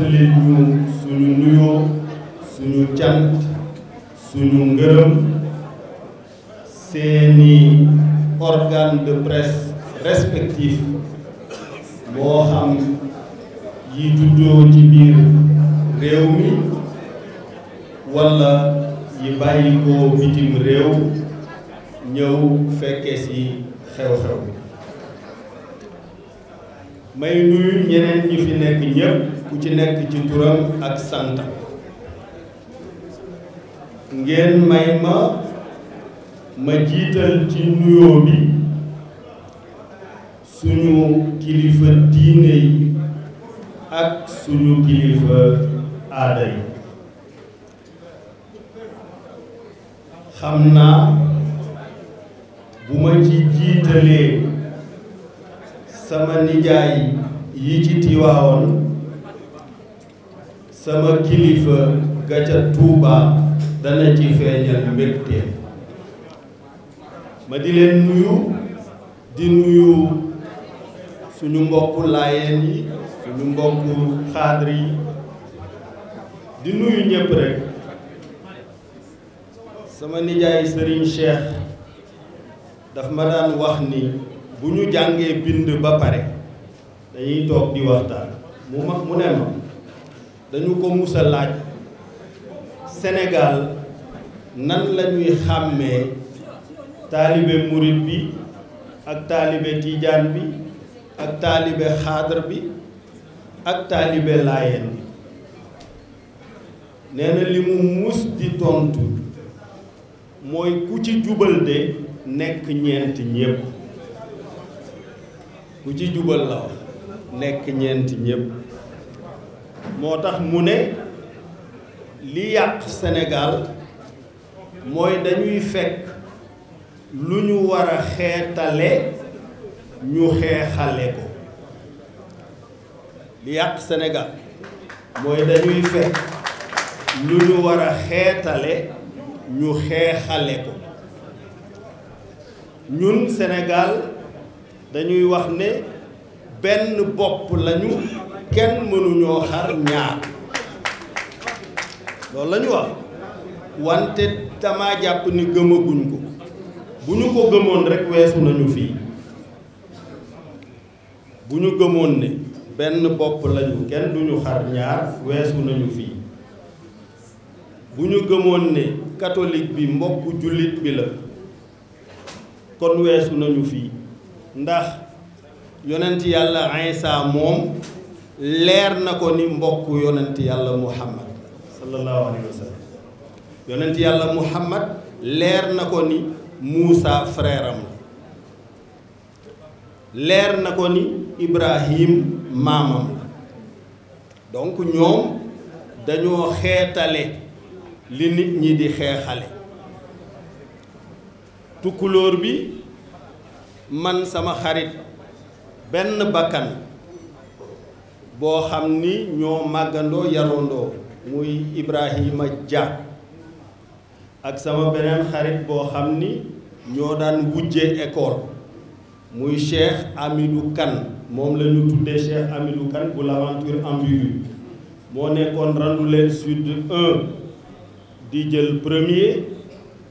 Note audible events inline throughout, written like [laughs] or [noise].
jottali suñu nuyoo suñu cant suñu ngërëm seeni organe de presse respectif nuyoo bi suñu kilifa diine yi ak suñu kilifa aada yi xam naa bu ma ci jiitalee sama nijaay yi ci Tiwaawoon sama kilifa ga ca Tuuba dana ci feeñal mbégte ma di leen nuyu di nuyu suñu mbokku laayeen yi suñu mbokku xaadr di nuyu ñëpp rek sama nijaay Serigne Cheikh daf ma daan wax ni bu ñu bind ba pare dañuy toog di waxtaan mu mak mu ne dañu ko musa laaj nan la ñuy taalibe murit bi ak taalibe tiijaan bi ak taalibe xaadar bi ak taalibe laayeen bi nee na li mu muus di tontu mooy ku ci jubal de nekk ñeent ñépp ku ci jubal la nekk ñeenti ñépp moo tax mu ne li yàq senegaal mooy dañuy fekk lu ñu war a xeetale ñu xeexale ko li yàq Sénégal mooy dañuy fekk lu ñu war a xeetale ñu xeexale ko ñun Sénégal dañuy wax ne benn bopp lañu kenn mënuñoo xar ñaar loolu lañu wax wante dama jàpp ni gëmaguñ ko bu gemon ko gëmoon rek weesu nañu fii bu ñu gëmoon ne benn bopp lañu kenn duñu xar ñaar weesu nañu fii bu gëmoon ne catholique bi mbokku jullit bi la kon weesu nañu fii ndax yonent yàlla Isa moom leer na ko ni mbokk yonent yàlla muhammad sallallahu alaihi wasallam. yonent muhammad leer na ko ni Muusa frère la leer na ko ni Ibrahim maamam la donc ñoom dañoo xeetale li nit ñi di xeexale tukkulóor bi man sama xarit benn bakkan boo xam ni ñoo màggandoo yarandoo muy Ibrahima Dia ak sama benen xarit bo xamni ñoo daan wujje école muy Cheikh Amidou kan mom lañu tuddé Cheikh Amidou kan bu l'aventure ambiguë nekkon randu len Sud 1 di jël premier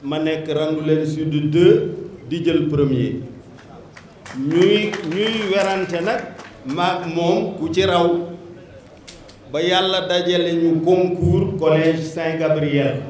ma randu len Sud 2 di jël premier ñuy ñuy wérante nak ma mom ku ci raw ba yalla dajé ñu concours collège Saint-Gabriel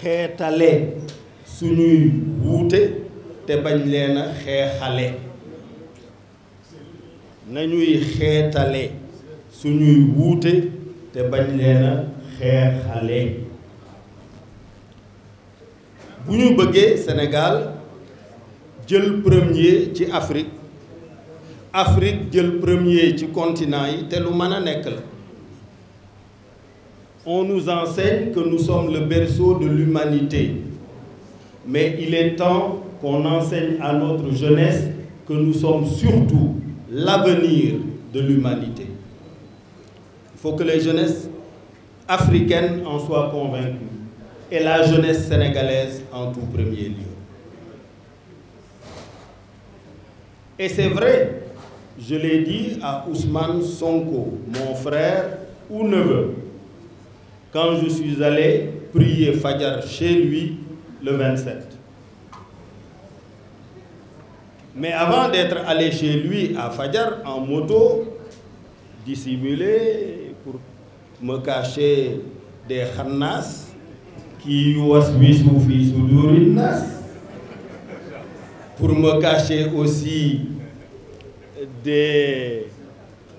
xeetale suñuy wuute te bañ leen a nañuy xeetale suñuy wuute te bañ leen a bu ñu bëggee Sénégal jël premier ci Afrique Afrique jël premier ci continent yi te lu mën a nekk la on nous enseigne que nous sommes le berceau de l'humanité. Mais il est temps qu'on enseigne à notre jeunesse que nous sommes surtout l'avenir de l'humanité. Il faut que les jeunesses africaines en soient convaincues et la jeunesse sénégalaise en tout premier lieu. Et c'est vrai, je l'ai dit à Ousmane Sonko, mon frère ou neveu, quand je suis allé prier Fajar chez lui le 27. Mais avant d'être allé chez lui à Fajar en moto, dissimulé pour me cacher des khannas qui was pour me cacher aussi des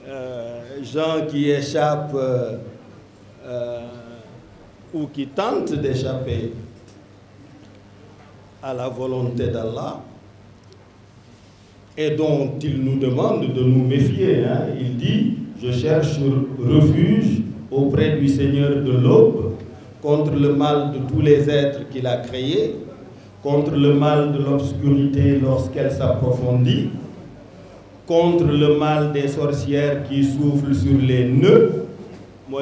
euh, gens qui échappent euh, ou qui tentent d'échapper à la volonté d'Allah et dont il nous demande de nous méfier. Hein. Il dit, je cherche refuge auprès du Seigneur de l'aube contre le mal de tous les êtres qu'il a créés, contre le mal de l'obscurité lorsqu'elle s'approfondit, contre le mal des sorcières qui soufflent sur les nœuds. Moi,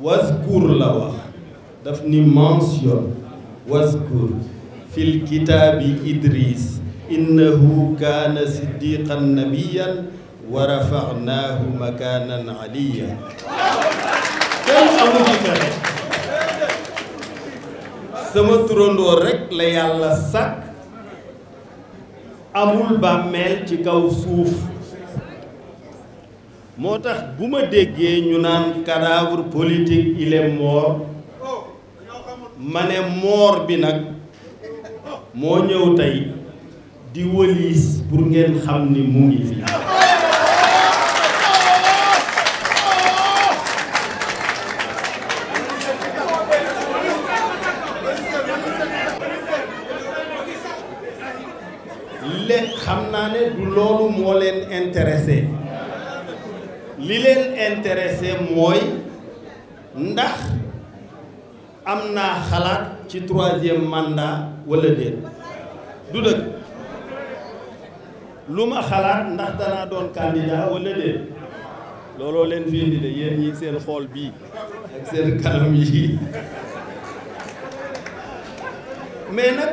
واذكر لوا دفني مانسيون واذكر في الكتاب إدريس إنه كان صديقا نبيا ورفعناه مكانا عليا sama turandoo rekk la yàlla sàkk amul moo tax bu ma déggee ñu naan cadavre politique il est ma ne mort bi nag moo ñëw tey di wëliis pour ngeen xam ni mu ngi fi le xam naa ne du loolu moo leen intéressé li leen intéressé mooy ndax am naa xalaat ci troisième mandat walla déet du lu ma xalaat ndax danaa doon candidat wala déet looloo leen fi indi yéen ñi seen xool bi ak seen kanam yi mais nag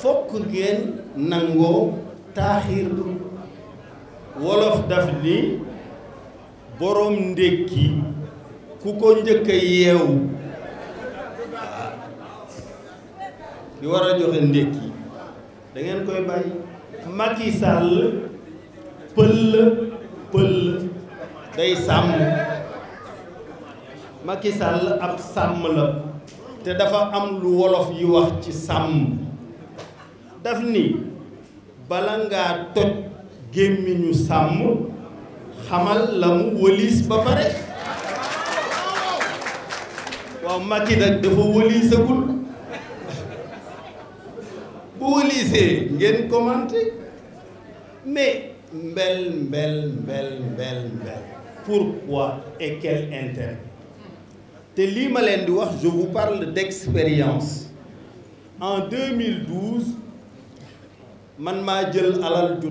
fokk ngeen nangoo taaxirlu wolof daf ni boroom ndékki ku ko njëkk a yeewu ki war a joxe ndékki dangeen ngeen koy bàyyi Macky Sall pël pël day sàmm Macky ab sàmm la te dafa am lu wolof yi wax ci sàmm daf ni bala ngaa toj gémmiñu sàmm Hamal la mu wëliis ba pare waaw Macky nag dafa bu ngeen mais belle, belle, belle. mbel mbel pourquoi et quel intérêt te ma di wax je vous parle d'expérience en 2012 man maa jël alal ju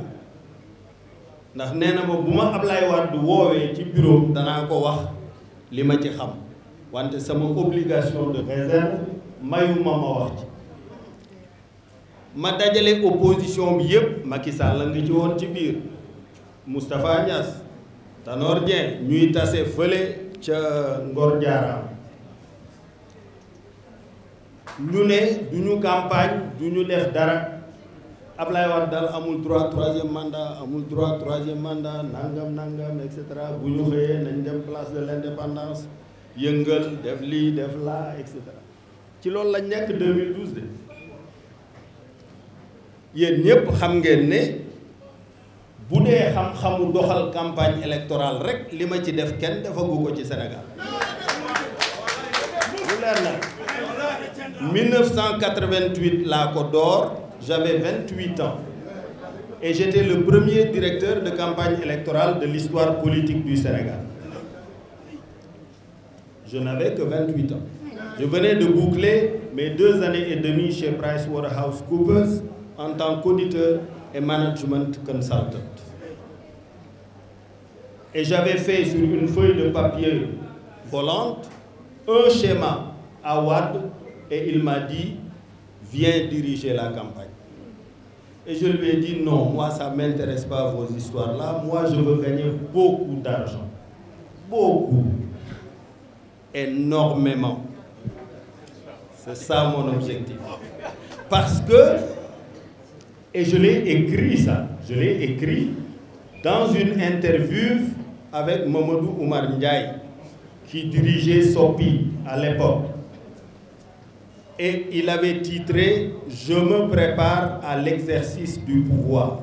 ndax nee na ma bu ma Ablaye Wade woowee ci bureau danaa ko wax li ma ci xam wante sama obligation de réserve mayu ma ma wax ma dajale opposition bi yëpp Macky Sall la ngi ci woon ci biir Moustapha Niass Tanor ñuy tase fële ca Ngor Diarra ñu ne duñu campagne duñu def dara Ablaye Wade daal amul droit troisième mandat amul droit troisième mandat nangam nangam et bu ñu xëyee nañ dem place de l'indépendance yëngal def lii def laa et ci lool la nekk 2012 de yéen ñépp xam ngeen ne bu dee xam-xamu doxal campagne électorale rek li ma ci def kenn defagu ko ci Sénégal bu leer na 1988 laa ko door j'avais 28 ans et j'étais le premier directeur de campagne électorale de l'histoire politique du Sénégal. Je n'avais que 28 ans. Je venais de boucler mes deux années et demie chez PricewaterhouseCoopers en tant qu'auditeur et management consultant. Et j'avais fait sur une feuille de papier volante un schéma à WAD et il m'a dit, viens diriger la campagne. Et je lui ai dit non, moi ça ne m'intéresse pas vos histoires-là, moi je veux gagner beaucoup d'argent. Beaucoup. Énormément. C'est ça mon objectif. Parce que, et je l'ai écrit ça, je l'ai écrit dans une interview avec Momodou Oumar Ndiaye, qui dirigeait SOPI à l'époque et il avait titré Je me prépare à l'exercice du pouvoir.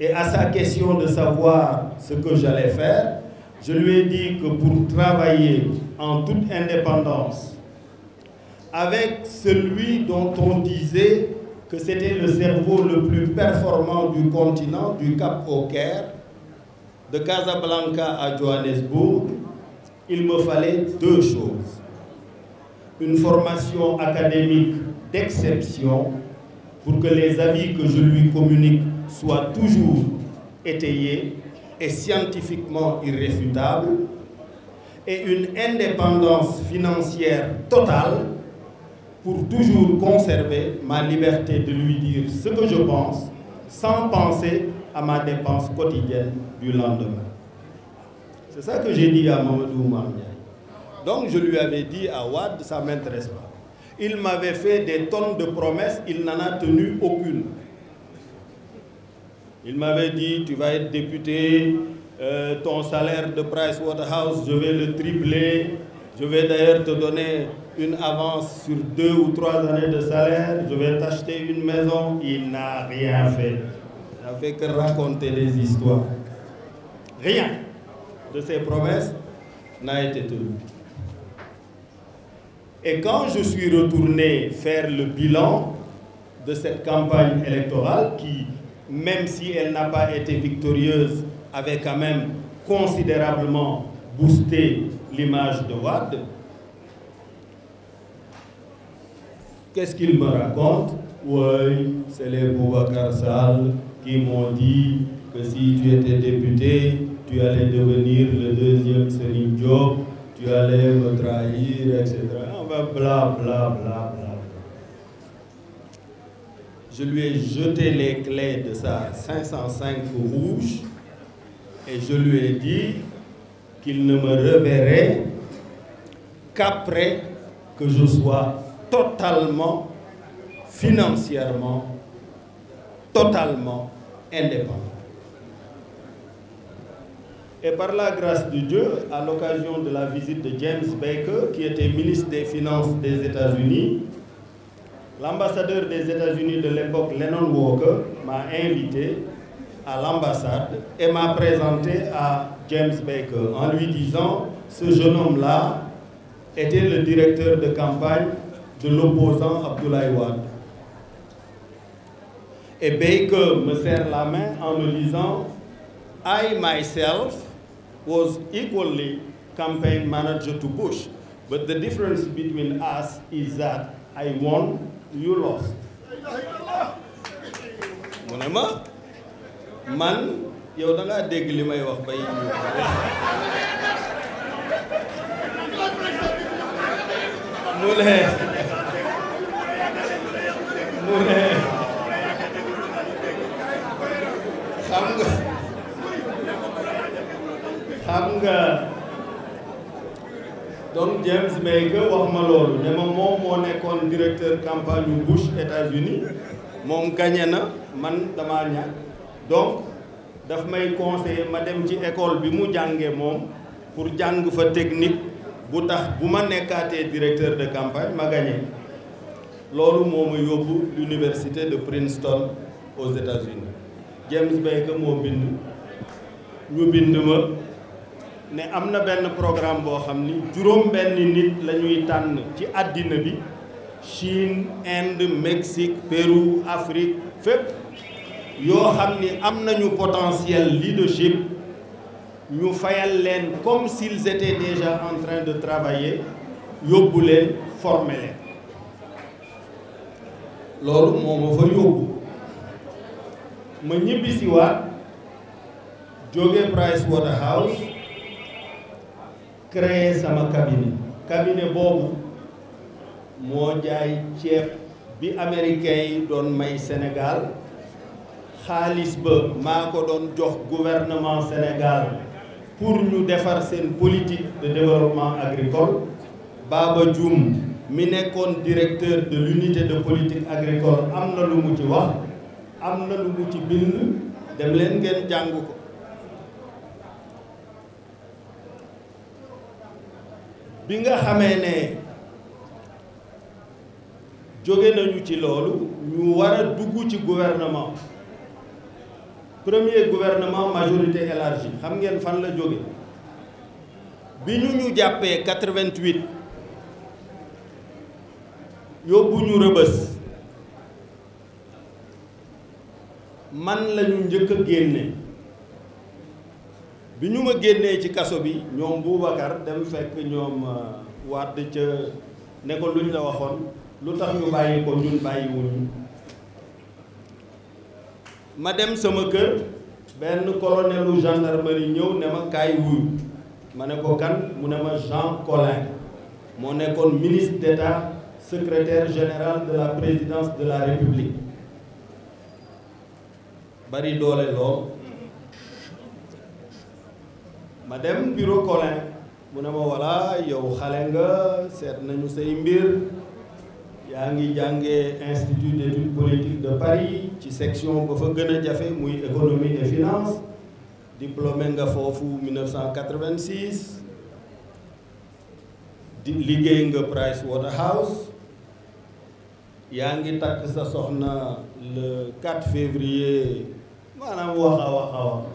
Et à sa question de savoir ce que j'allais faire, je lui ai dit que pour travailler en toute indépendance avec celui dont on disait que c'était le cerveau le plus performant du continent, du Cap au Caire, de Casablanca à Johannesburg, il me fallait deux choses une formation académique d'exception pour que les avis que je lui communique soient toujours étayés et scientifiquement irréfutables, et une indépendance financière totale pour toujours conserver ma liberté de lui dire ce que je pense sans penser à ma dépense quotidienne du lendemain. C'est ça que j'ai dit à Mamadou Marnier. Donc je lui avais dit à Wad, ça ne m'intéresse pas. Il m'avait fait des tonnes de promesses, il n'en a tenu aucune. Il m'avait dit, tu vas être député, euh, ton salaire de Price Waterhouse, je vais le tripler. Je vais d'ailleurs te donner une avance sur deux ou trois années de salaire. Je vais t'acheter une maison. Il n'a rien fait. Il n'a fait que raconter des histoires. Rien de ces promesses n'a été tenu. Et quand je suis retourné faire le bilan de cette campagne électorale, qui, même si elle n'a pas été victorieuse, avait quand même considérablement boosté l'image de Wade, qu'est-ce qu'il me raconte Oui, c'est les Boubacar qui m'ont dit que si tu étais député, tu allais devenir le deuxième série Diop tu me trahir, etc. On va bla, bla, bla, bla. Je lui ai jeté les clés de sa 505 rouge et je lui ai dit qu'il ne me reverrait qu'après que je sois totalement, financièrement, totalement indépendant. Et par la grâce de Dieu, à l'occasion de la visite de James Baker, qui était ministre des Finances des États-Unis, l'ambassadeur des États-Unis de l'époque, Lennon Walker, m'a invité à l'ambassade et m'a présenté à James Baker en lui disant ce jeune homme-là était le directeur de campagne de l'opposant Abdoulaye Wade. Et Baker me serre la main en me disant I myself was equally campaign manager to Bush. But the difference between us is that I won, you lost. mu man yow da ngaa dégg li may wax bay mu ne mu xam nga xam nga donc James Baker wax ma loolu ne ma moom moo nekkoon directeur campagne yu Bush États-Unis moom gagné na man dama ñàkk donc daf may conseiller ma dem ci école bi mu jànge moom pour jàng fa technique bu tax bu ma nekkaatee directeur de campagne ma gagné loolu moo ma yóbbu l'université de Princeton aux États-Unis James Baker moo bind ñu bind ma ne amna un programme qui xamni ni ben nit lañuy ñuy ci adina bi Chine Inde Mexique Pérou Afrique fep Yo, xamni amnañu potentiel leadership ñu fayal leen comme s'ils étaient déjà en train de travailler yóbbu leen former leen loolu moo ma fa yóbbu ma Price Waterhouse créer sama cabinet cabinet boobu moo jaay ceeb bi américain don may Sénégal khalis ba le don jox gouvernement Sénégal pour nous déforcer une politique de développement agricole Baba djum mi directeur de l'unité de politique agricole amna lu mu ci wax amna lu mu ci bind bi nga xamee ne jóge nañu ci loolu ñu war a dugg ci gouvernement premier gouvernement majorité élargie xam ngeen fan la jóge bi ñu ñu jàppee 88 yóbbu ñu rëbës man lañu njëkk a génne bi ñu ma génnee ci kaso bi ñoom Boubacar dem fekk ñoom euh, Wade ca ne ko luñ ñu la waxoon lu tax ñu bàyyi ko ñun bàyyiwuñu ma dem sama kër benn colonelu gendarmerie ñëw ne ma kaay wuyu ma ne ko kan mu ne ma Jean Collin moo nekkoon ministre d'État secrétaire général de la présidence de la République bari doole lool Madame bureau Colin mu ne ma voilà yow xalé nga sét nañu say mbir yaangi jangé institut d'études politiques de Paris ci section ba fa gëna jafé muy économie et finance diplômé nga fofu 1986 di liggéey nga Price Waterhouse yaangi tak sa soxna le 4 février manam waxa waxa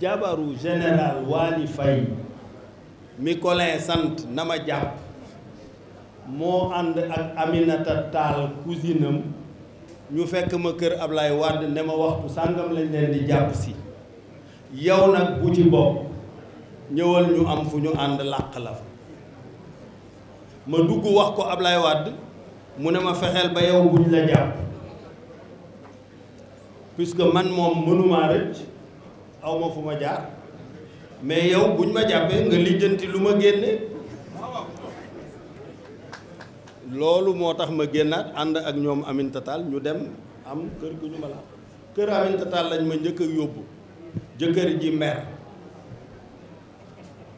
jabaru général Waly Faye mi sant na ma jàpp moo ànd ak Aminata Tall cousinam ñu fekk ma kër Ablaye Wade ne ma waxtu sàngam lañ leen di jàpp si yow nag bu ci bopp ñëwal ñu am fu ñu ànd làq la fa ma dugg wax ko Ablaye wàdd mu ne ma fexeel ba yow buñ la jàpp puisque man moom mënumaa rëcc aw ma fu ma jaar mais yow buñ ma jàppee nga lijjanti lu ma génne loolu moo tax ma génnaat ànd ak ñoom Aminata ñu dem am kër gu ñu ma la kër Aminata lañ ma njëkk a yóbbu jëkkër ji mer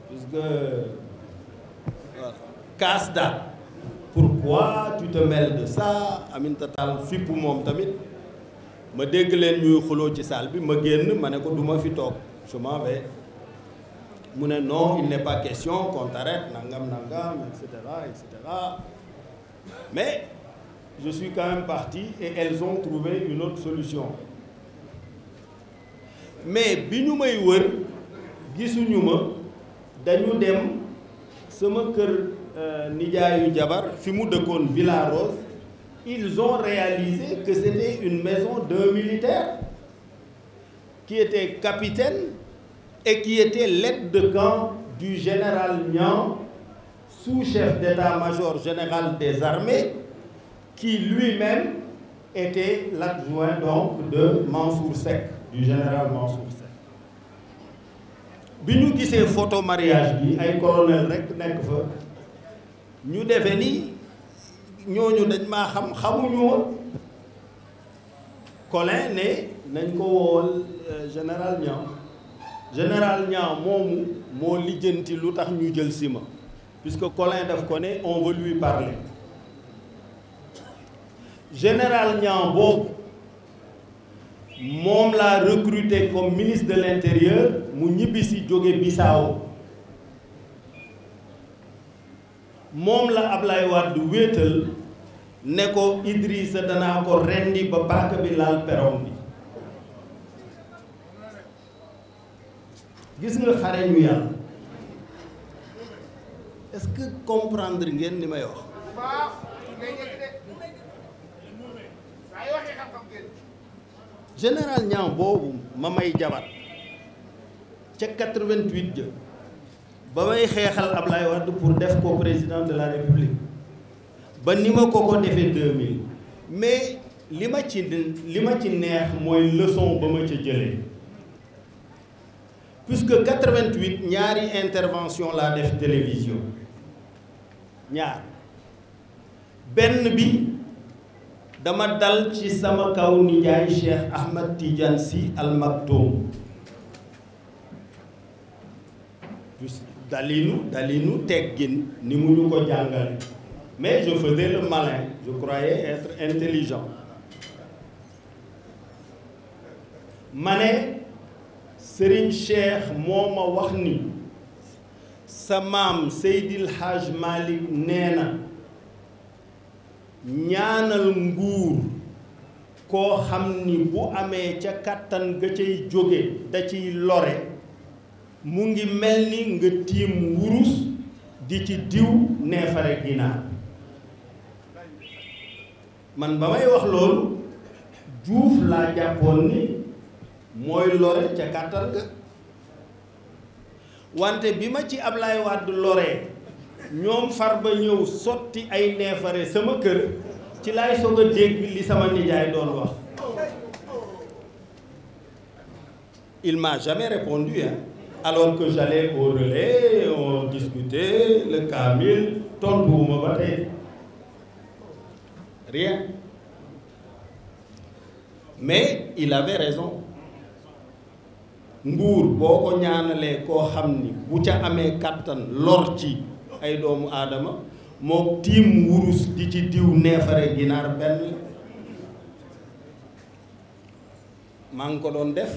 parce que casse pourquoi tu te mêles de ça Aminata fippu moom tamit ma dégg leen ñuy xuloo ci salle bi ma génn ma ko je vais non il n'est pas question qu'on nangam mais je suis quand même parti et elles ont trouvé une autre solution mais bi ñu may wër gisuñu ma dañu dem sama kër euh, nijaayu jabar fi mu Villa Rose ils ont réalisé que c'était une maison d'un militaire qui était capitaine et qui était l'aide de camp du général Nian, sous-chef d'état-major général des armées, qui lui-même était l'adjoint donc de Mansour Sek, du général Mansour Sek. bi nous, photo mariage bi ay colonel rek nous ñooñu dañ maa xam xamuñu ma Colin ne nañ ko wool euh, général Niang général Niang moomu moo lijjanti lu tax ñu jël si ma puisque Colin daf ko ne on veut lui parler général Niang boobu moom laa recruté comme ministre de l'intérieur mu ñibbisi jóge Bissau moom la Ablaye Wade wéetal ne ko Idrissa danaa ko rendi ba paaka bi laal peron bi gis nga xare yàlla est-ce que comprendre ngeen li may wax général Niang boobu ma may jabar ca 88 ja Je may xeexal Ablaye Wade pour def ko président de la république ba ne l'ai ko ko en 2000 mais li ma ci li ma ci neex leçon ba ma ca jëlee puisque 88 ñaari intervention laa def télévision ñaar benn bi dama dal ci sama kaw nijaay Cheikh Ahmad Tidiane Sy Al Maktoum dalinu dalinu teggin ni mu ko mais je faisais le malin je croyais être intelligent Mane, ne Serigne Cheikh moma wax ni sa mam Seydil haj Malik, nee ñaanal nguur ko xamni bu amé ca katan ga cey da lore mu ngi mel ni nga tiim wurus di ci diw neefare ginaar man ba may wax loolu juuf laa jàppoon ni mooy lore ca kàttan wante bi ma ci Ablaye Wade lore ñoom far ba ñëw sotti ay neefare sama kër ci laay soog a dégg li sama nijaay doon wax il m'a jamais répondu hein alors que j'allais au relais, on discutait, le Kamil, pour me battre. Rien. Mais il avait raison. boko ñaanalé ko xamni ame bu ca amé katan lor ci ay doomu adama ben. tim wurus di ci diw ko def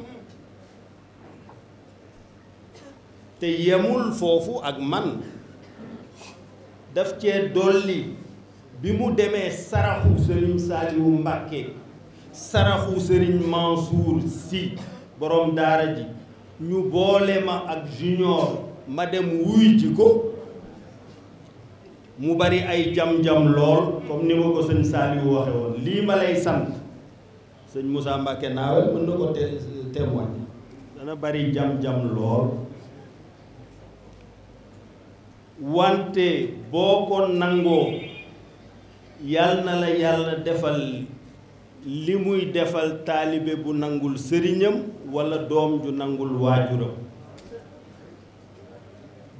te yemul foofu ak man def cee dolli bi mu demee saraxu sëriñ wu Mbacké saraxu sëriñ Mansour Sy borom daara ji ñu boole ma ak junior ma dem wuy ji ko mu bari ay jam-jam lool comme ni ma ko sëñ Saliou waxe woon lii ma lay sant sëñ musaa Mbacké naawel mën na ko témoigner dana bari jam-jam lool wante boo ko nangoo yal na la yàlla defal li muy defal taalibe bu nangul sëriñam walla doom ju nangul waajuram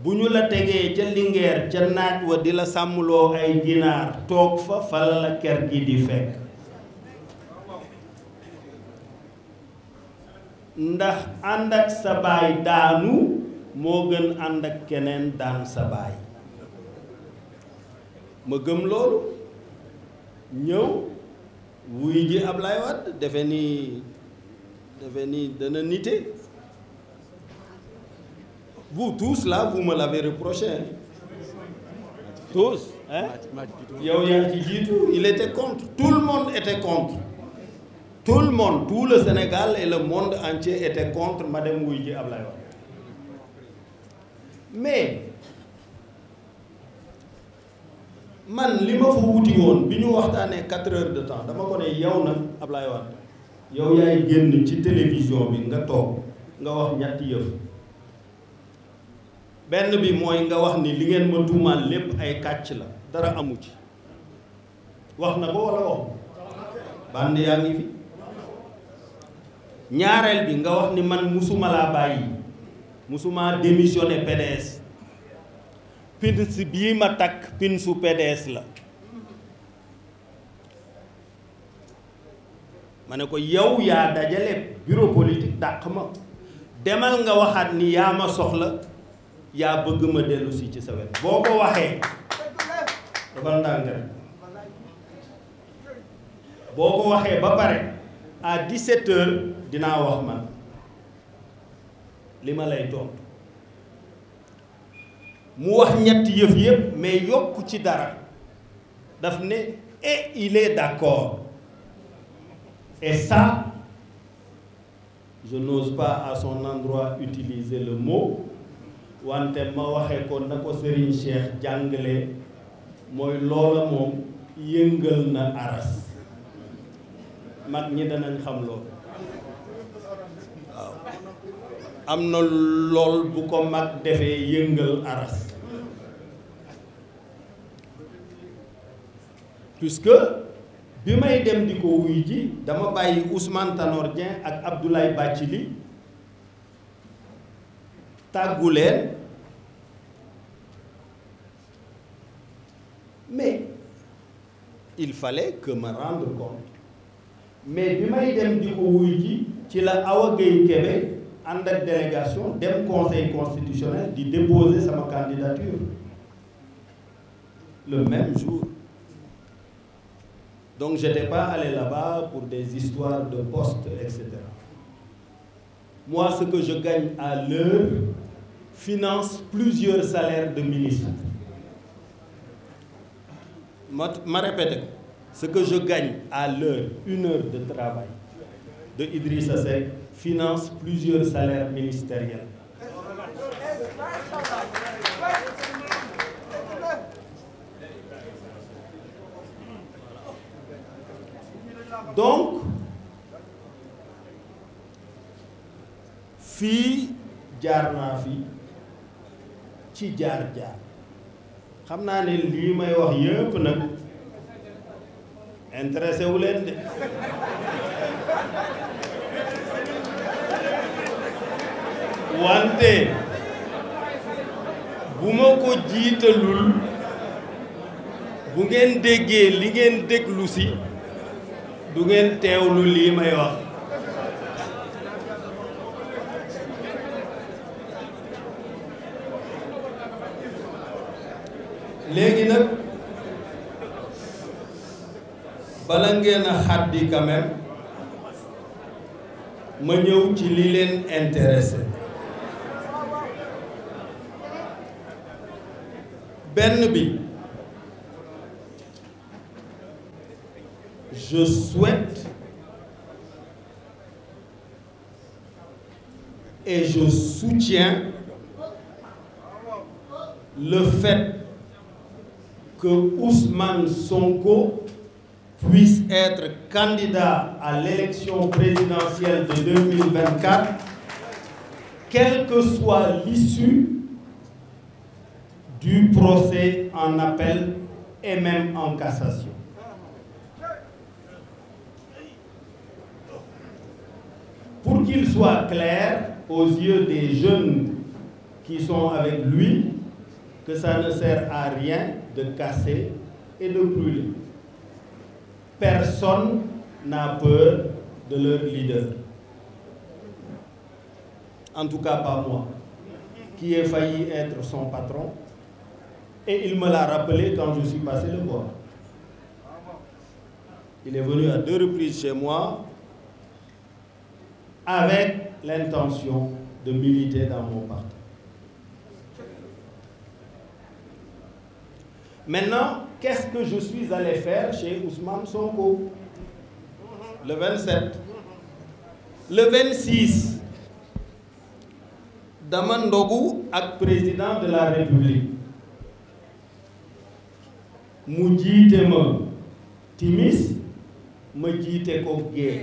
bu ñu la tegee ca lingeer ca naaj wa di la sàmmloo ay ginaar toog fa fala la ker gi di fekk ndax ànd ak sa baay daanu moo gën kenen ak keneen sa baay ma gëm loolu ñëw wuy Wade vous tous là vous me l'avez reproché hein. tous hein il était contre tout le monde était contre tout le monde tout le Sénégal et le monde entier était contre madame wuy ji mais man li ma fa wuti woon bi ñu waxtaanee quatre heures de temps dama ko ne yow nag Ablaye Wade yow yaay génn ci télévision bi nga toog nga wax ñetti yëf benn bi mooy nga wax ni li ngeen ma tuumaal lépp ay kàcc la dara amu ci wax na ko walla wax bànd yaa ngi fi ñaareel bi nga wax ni man musuma laa bàyyi musuma démissionné PDS pin si bii ma takk pin su PDS la ma ne ko yow yaa dajale bureau politique dàq ma demal nga waxaat ni yaa ma soxla yaa bëgg ma dellu ci sa boo ko waxee dafal ndànk rek boo ko waxee ba pare à 17 heures dinaa wax man Le ma lay tontu mu wax ñetti yëf yëpp mais yokku ci dara daf et il est d'accord et ça je n'ose pas à son endroit utiliser le mot wante ma waxee ko na Serigne Cheikh lola mooy loola na aras Mak ñi danañ amna lol bu ko mag defee yëngal aras puisque bi may dem diko ko wuy ji dama bàyyi Ousmane Tanor ak Abdoulaye Bathily tàggu leen mais il fallait que me rende compte mais bi may dem diko ko wuy ji ci la Awa Gueye en délégation d'un conseil constitutionnel de déposer sa candidature le même jour donc je n'étais pas allé là-bas pour des histoires de poste etc moi ce que je gagne à l'heure finance plusieurs salaires de ministre ma répète, ce que je gagne à l'heure une heure de travail de Idrissa Seck finance plusieurs salaires ministériels. Donc, fille, jarna fille, fi ci jar. Je sais naa ne lii may wax yëpp intéressé wante bu ma ko jiitalul bu ngeen déggee li ngeen déglu si du ngeen teewlu lii may wax léegi nag bala ngeen a xàddi quand ma ñëw ci li leen intéressé Bernabé, je souhaite et je soutiens le fait que Ousmane Sonko puisse être candidat à l'élection présidentielle de 2024, quelle que soit l'issue du procès en appel et même en cassation. Pour qu'il soit clair aux yeux des jeunes qui sont avec lui, que ça ne sert à rien de casser et de brûler. Personne n'a peur de leur leader. En tout cas pas moi, qui ai failli être son patron et il me l'a rappelé quand je suis passé le voir. Il est venu à deux reprises chez moi avec l'intention de militer dans mon parti. Maintenant, qu'est-ce que je suis allé faire chez Ousmane Sonko le 27 le 26 daman Dogu, ak président de la République mu jiite ma timis ma jiite ko gee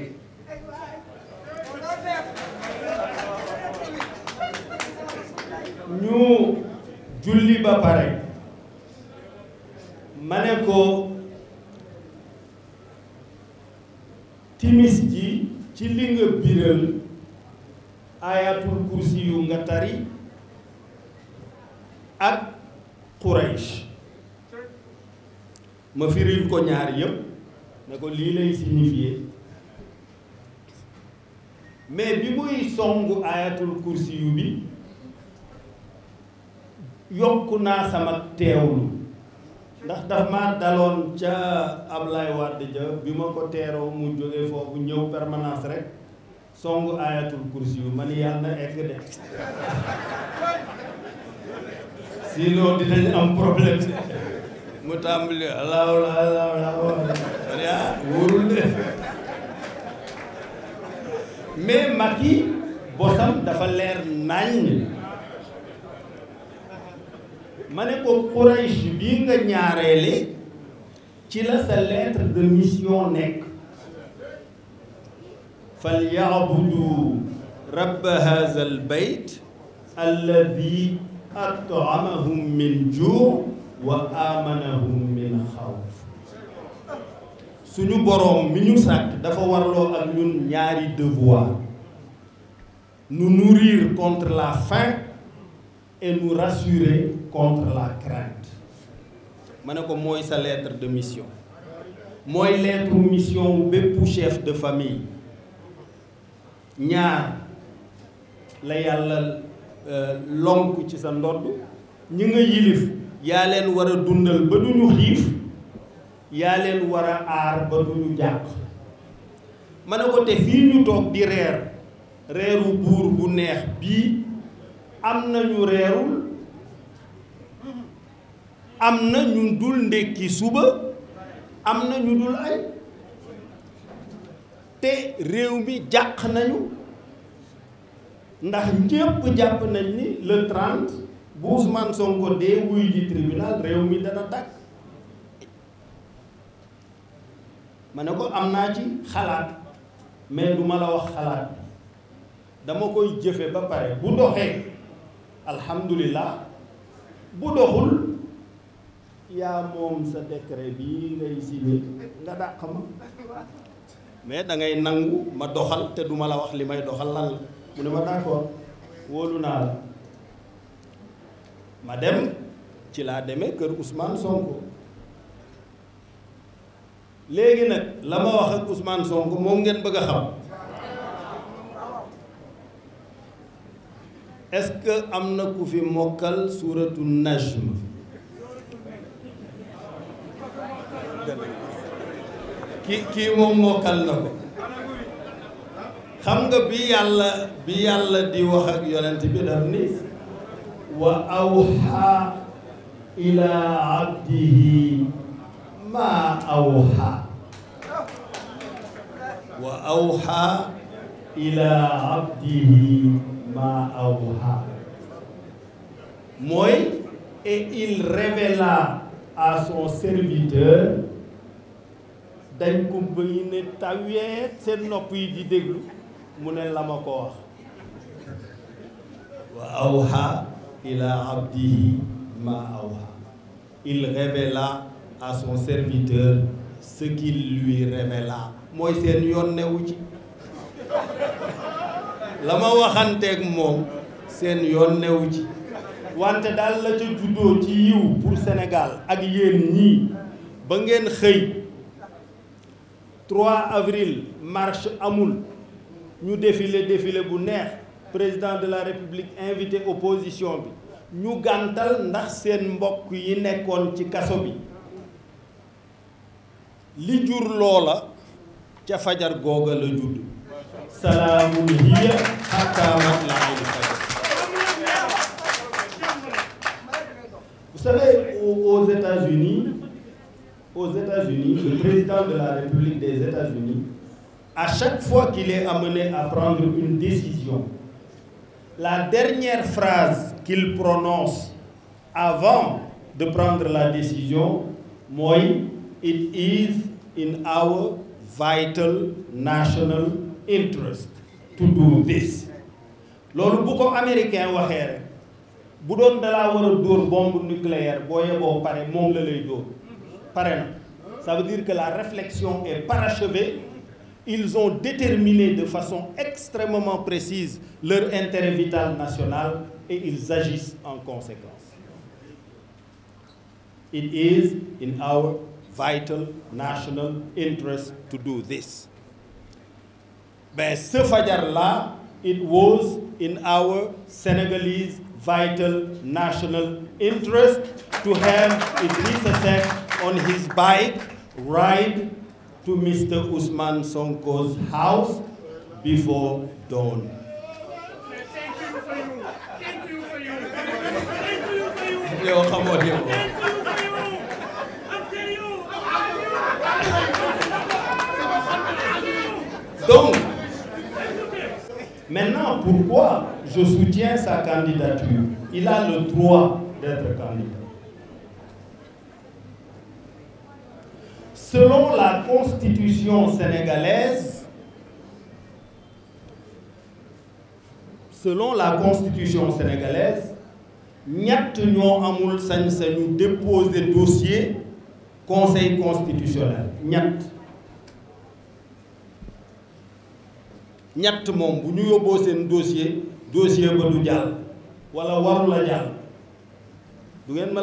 ñu julli ba pare ma ko timis ji ci li nga biral ayatul yu nga ak Quraysh ma firil ko ñaar yëpp ne ko lii lay signifier mais bi muy songu ayatul kursi bi yokku naa sama teewlu ndax daf ma daloon ca Ablaye Wade ja bi ma ko teeroo mu jógee foofu ñëw permanence rek songu ayatul kursi yu ma ni yàlla na de [laughs] sinon dinañ am problème mu tàmbali alaaw la alaaw la man yaa wóorul de mais Macky bosam dafa leer naññ ma ne ko Quraysh bii nga ñaareele ci la sa lettre de mission nekk fal yaabudu rabba haza al bayt alladi at'amahum min juu wa amanahum min xawf suñu boroom mi ñu dafa warloo ak ñun ñaari devoir nous nourrir contre la faim et nous rassurer contre la crainte ma ne ko mooy sa lettre de mission mooy lettre mission pour chef de famille ñaar la yàlla euh, lonk ci sa ndodd ñi nga yilif yaa leen war a dundal ba du ñu xiif yaa leen war a aar ba du ñu jàq ma ne ko te fii ñu toog di reer reeru buur bu neex bii am na ñu reerul am na ñu dul ndékki suba am na ñu dul ay te réew mi jàq nañu ndax ñépp jàpp nañ ni le bu Ousmane Sonko dee wuy ji tribunal réew mi dana takk ma ne ko am naa ci xalaat mais du ma la wax xalaat dama koy jëfe ba pare bu doxee alhamdulilah bu doxul yaa moom sa décret bii ngay signé nga dàq ma mais da ngay nangu ma doxal te duma la wax li may doxal lan la mu ne ma d'accord wóolu naa la ma dem ci laa demee kër Ousmane Sonko léegi nag la ma wax ak Ousmane Sonko moom ngeen bëgg a xam est-ce que am na ku fi mokkal suuratu najm ki kii moom mokkal na ko xam nga bi yàlla bi yàlla di wax ak yonent bi daf ni wa awha ila abdihi ma awha wa awha ila abdihi ma awha mooy et il révéla à son serviteur dañ kumpa yi ne taweet seen nopp wax wa awha ila abdihi ma Awa. Il révéla à son serviteur ce qu'il lui révéla Moi c'est yoon Neouji. la ma waxanteeg mom, seen yoon newu ci wante dal la ca ci pour Sénégal ak yéen ni, ba 3 avril marche Amoul. Nous défilons, défilons, bu président de la république invité opposition bi ñu gàntal ndax seen mbokk yi nekkoon ci kaso bi li jur loola ca fajar googa la judd salaamun hiya hatta vous savez aux États-Unis aux États-Unis le président de la république des États-Unis à chaque fois qu'il est amené à prendre une décision la dernière phrase qu'il prononce avant de prendre la décision "Moi, it is in our vital national interest to do this Lorsque bu ko américain waxee rek bu doon dalaa a bombe nucléaire boye bo pare moom la lay do, pare na ça veut dire que la réflexion est parachevée ils ont déterminé de façon extrêmement précise leur intérêt vital national et ils agissent en conséquence. It is in our vital national interest to do this. Ben, ce Fajar-là, it was in our Senegalese vital national interest to have Idrissa Seck on his bike ride to Mr. Ousmane Sonko's house before dawn. Donc, maintenant, pourquoi je soutiens sa candidature Il a le droit d'être candidat. Selon la constitution sénégalaise, selon la constitution sénégalaise, ñett ñoo amul sañ déposer dossier conseil constitutionnel ñett ñett mom, bu ñu dossier dossier ba du Voilà, voilà warula jàll du ma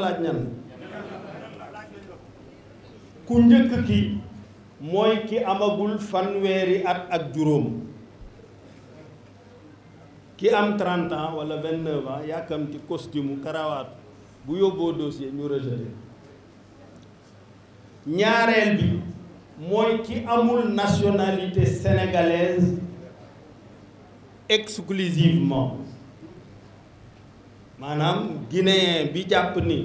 ku njëkk ki mooy ki amagul fanweri at ak juróom ki am 30 ans wala 29 ans ti costume karawaatu bu yobbo dossier ñu rejeter ñaarel bi qui ki amul nationalité sénégalaise exclusivement manam guinéen bi japp ni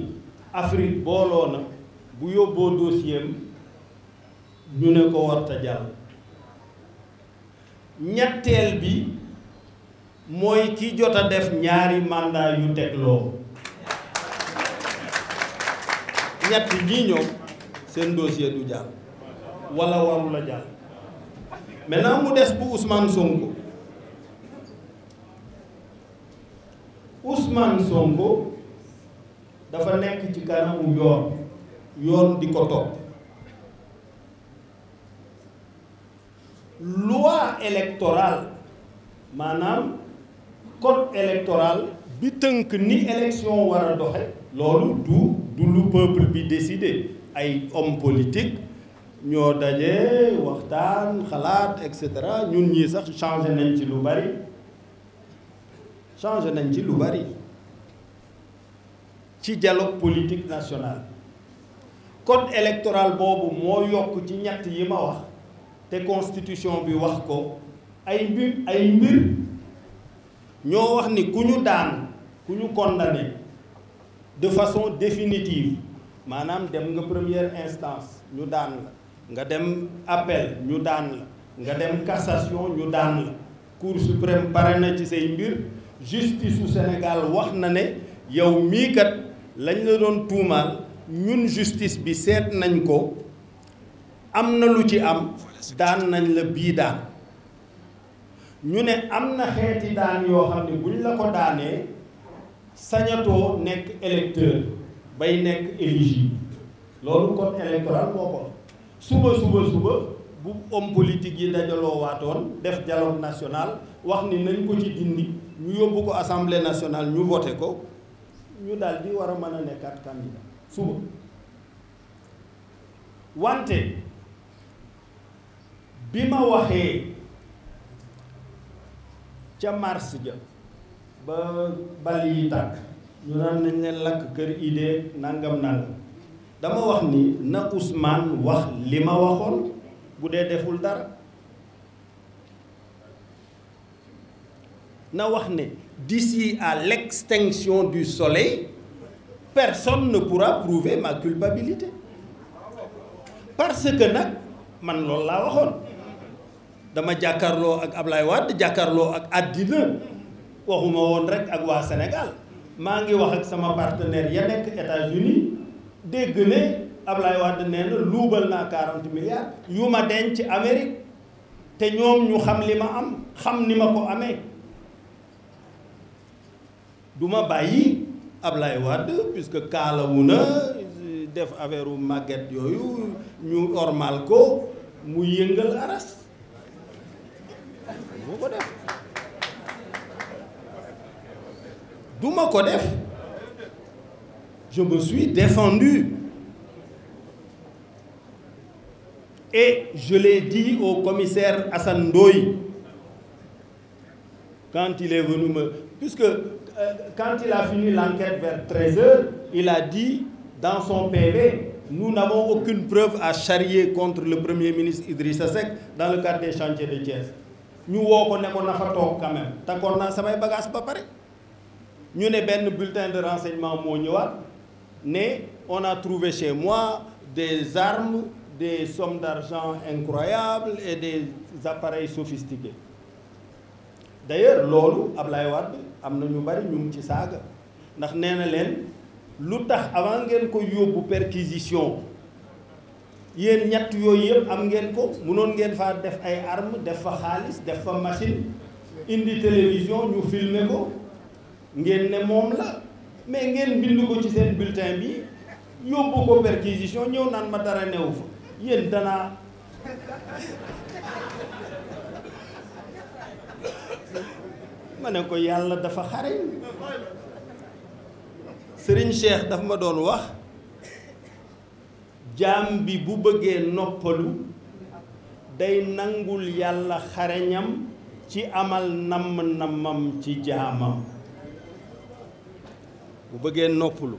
Afrique bolo na bu yóbboo dossier ñu ne ko warta jàll ñetteel bi mooy ki jot a def ñaari mandat yu teg loo ñett ñii ñoom seen dossier du jàll wala warul a jàll maintenant mu des bu Ousmane Sonko Ousmane Sonko dafa nekk ci kanamu yoon yoon di ko loi électorale code électoral bi ni élection war du du peuple bi décidé ay homme politique ñoo daje waxtaan xalaat et ñun sax changé nañ ci lu bari dialogue politique national code électoral bobu mo yok ci ñett yi ma wax té constitution bi wax ko ay mbir ay mbir ñoo wax ni de façon définitive madame dem nga première instance nous daan la nga dem appel ñu daan la nga dem cassation ñu la cour suprême paré na ci justice du Sénégal wax na né yow mi kat lañ la ñun justice bi seet nañ ko am na lu ci am daan nañ la bii daan ñu ne am na xeeti daan yoo xam ne bu buñ la ko daanee sañatoo nekk électeur bay nekk éligible loolu code électoral moo ko suba suba suba bu homme politique yi dajaloo waatoon def dialogue national wax ni nañ ko ci dindi ñu yóbbu ko assemblée nationale ñu voté ko ñu daal di war a mën a nekkaat candidat suba wante bima ma waxee mars ja ba bal yi tak ñu nangam nangam dama wax ni na Ousmane wax lima ma budé dara na wax d'ici à l'extinction du soleil personne ne pourra prouver ma culpabilité parce que nak man loolu la waxone. dama jakarlo ak Ablaye Wad, jakarlo ak Adina. waxuma won rek ak wa Sénégal maa ngi wax ak sama partenaire ya nek États-Unis dégg né Ablaye Wad néna loubal na 40 milliards yuma ma denc Amérique Té ñom ñu xam li ma am xam ni ma ko amee du ma Ablaye Wad, puisque Kala Wuna, def averou u Yoyou, yooyu ñu ormal ko mu yëngal aras def je me suis défendu et je l'ai dit au commissaire Hassan Ndoye quand il est venu me... Puisque euh, quand il a fini l'enquête vers 13h, il a dit dans son PV, nous n'avons aucune preuve à charrier contre le Premier ministre Idrissa Seck dans le cadre des chantiers de Thiès. Nous avons quand même. Ça nous avons bagages pas pareil. Nous avons un bulletin de renseignement mais on a trouvé chez moi des armes, des sommes d'argent incroyables et des appareils sophistiqués. d'ailleurs loolu Ablaye Wade am na ñu bari ñu ci saaga ndax nee na leen lu tax avant ngeen ko yóbbu perquisition yéen ñett yooyu yëpp am ngeen ko mënoon ngeen faa def ay arm def fa xaalis def fa machine indi télévision ñu filmer ko ngeen ne moom la mais ngeen bind ko ci seen bulletin bi yóbbu ko perquisition ñëw naan ma dara newu fa yéen danaa ma ne ko yàlla dafa xarañ sëriñ Cheikh daf ma doon wax jaam bi bu bëggee noppalu day nangul yàlla xareñam ci amal namm-nammam ci jaamam bu bëggee noppalu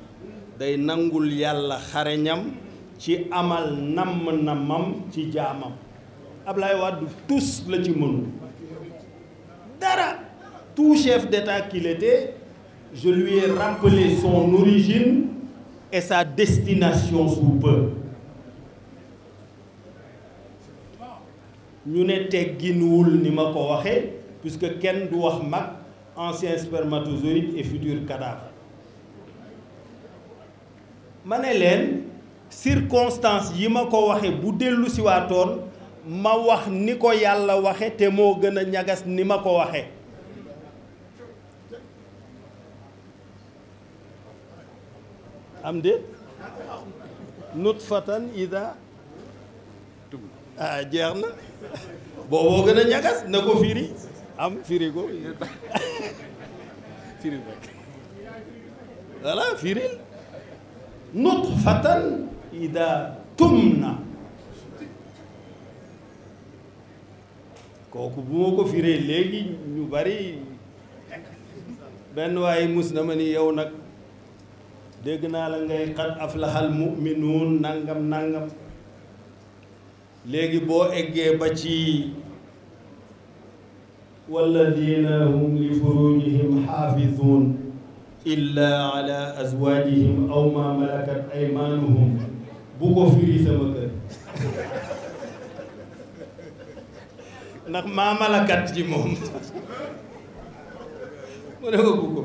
day nangul yàlla xarañam ci amal namm-nammam ci jaamam Ablaye tus la ci mënul dara tout chef d'État qu'il était, je lui ai rappelé son origine et sa destination sous peu. ñu ne tegginuwul ni ma puisque Ken du wax ancien spermatozoïde et futur cadavre ma circonstances circonstance yi ma ko waxe bu dellu siwaatoon ma wax ni ko yàlla waxe te moo gën ñagas ni am déet nutfatan ida a ah, jeex bo booboo gën a ñagas na ko firi am firi ko [laughs] firi rek voilà firil nutfatan ida tumna kooku bu ko firee léegi ñu bari benn waaye musna mani ma ni yow nag degna la ngay khat aflahal mu'minun nangam nangam legi bo egge ba ci والذين هم لفروجهم حافظون إلا على أزواجهم أو ما ملكت أيمانهم بوكو فيري سمك نخ ما ملكت جي موم بوكو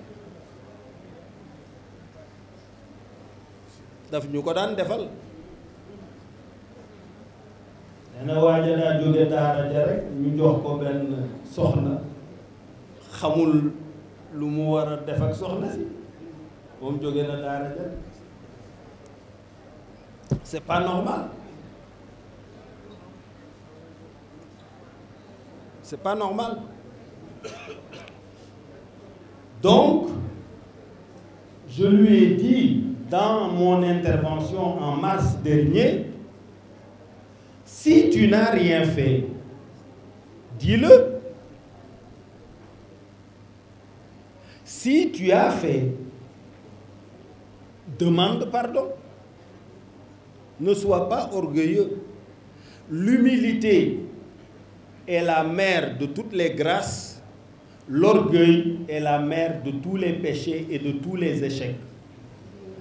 daf ñu ko daan defal nee na waaja daa jóge daara ja rek ñu jox ko benn soxna xamul lu mu war a def ak soxna si moom jóge na daara ja c'est pas normal c'est pas normal donc je lui ai dit dans mon intervention en mars dernier, si tu n'as rien fait, dis-le. Si tu as fait, demande pardon. Ne sois pas orgueilleux. L'humilité est la mère de toutes les grâces. L'orgueil est la mère de tous les péchés et de tous les échecs.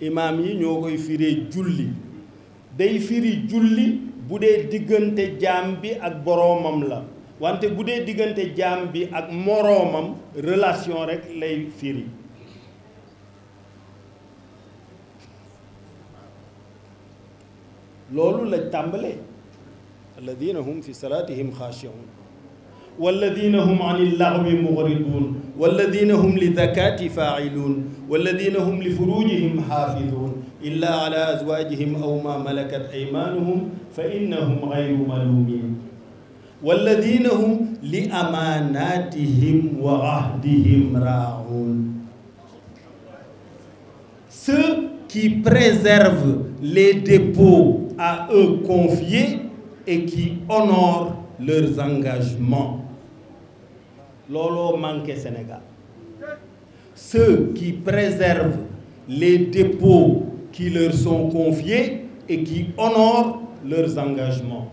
imam yi ñokoy firé julli day firi julli budé digënté diggante bi ak boromam la wante budé digënté diggante bi ak moromam relation rek lay firi lolu la tambalé alladina hum fi salatihim khashi'un والذين هم عن اللغو مغرضون والذين هم لذكاة فاعلون والذين هم لفروجهم حافظون إلا على أزواجهم أو ما ملكت أيمانهم فإنهم غير ملومين والذين هم لأماناتهم وعهدهم راعون Ceux qui préservent les dépôts à eux confiés et qui honorent leurs engagements. Lolo manque Sénégal ceux qui préservent les dépôts qui leur sont confiés et qui honorent leurs engagements.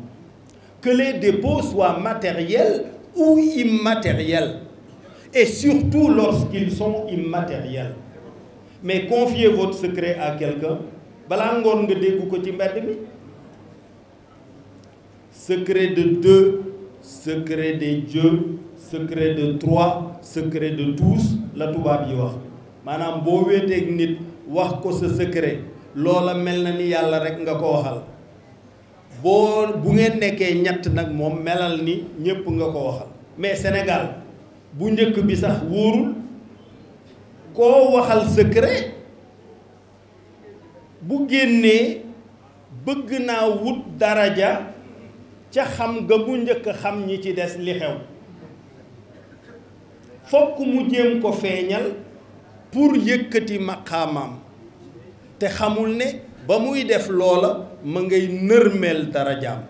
Que les dépôts soient matériels ou immatériels, et surtout lorsqu'ils sont immatériels. Mais confiez votre secret à quelqu'un, secret de Dieu, secret des dieux, secret de trois secret de tous la tubaab yi wax manam bo wéeteeg nit wax ko ce secret lola mel na ni yàlla rek nga ko waxal bo bu ngeen nekkee ñatt nag mom melal ni ñépp nga ko waxal mais Sénégal bu njëkk bi sax wóorul ko waxal secret bu génné bëgg na wut daraja ca xam ga bu xam ñi ci des li xew fokk mu jéem ko feeñal pour yëkkati maqaamam te xamul ne ba muy def loola ma ngay nërmeel darajaam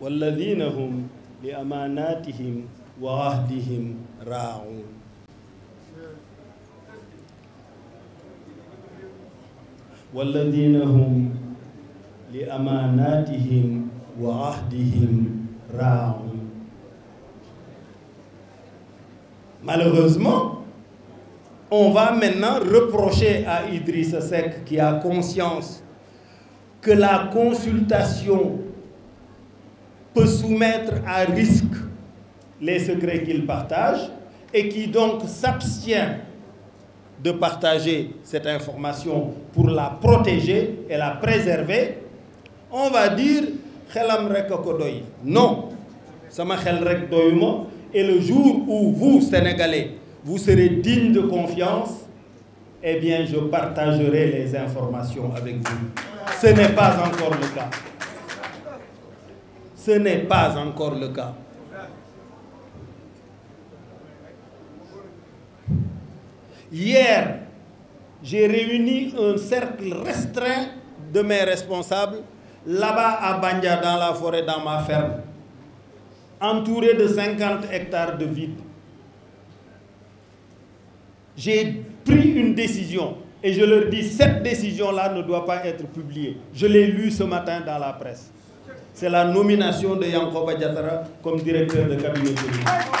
walladina hum li amaanaatihim wa ahdihim raawun hum li amaanaatihim wa Malheureusement, on va maintenant reprocher à Idriss Seck qui a conscience que la consultation peut soumettre à risque les secrets qu'il partage et qui donc s'abstient de partager cette information pour la protéger et la préserver, on va dire non et le jour où vous Sénégalais vous serez digne de confiance eh bien je partagerai les informations avec vous ce n'est pas encore le cas ce n'est pas encore le cas hier j'ai réuni un cercle restreint de mes responsables là-bas à Bandia, dans la forêt, dans ma ferme, entouré de 50 hectares de vide. J'ai pris une décision et je leur dis, cette décision-là ne doit pas être publiée. Je l'ai lue ce matin dans la presse. C'est la nomination de Yankoba Badiatara comme directeur de cabinet de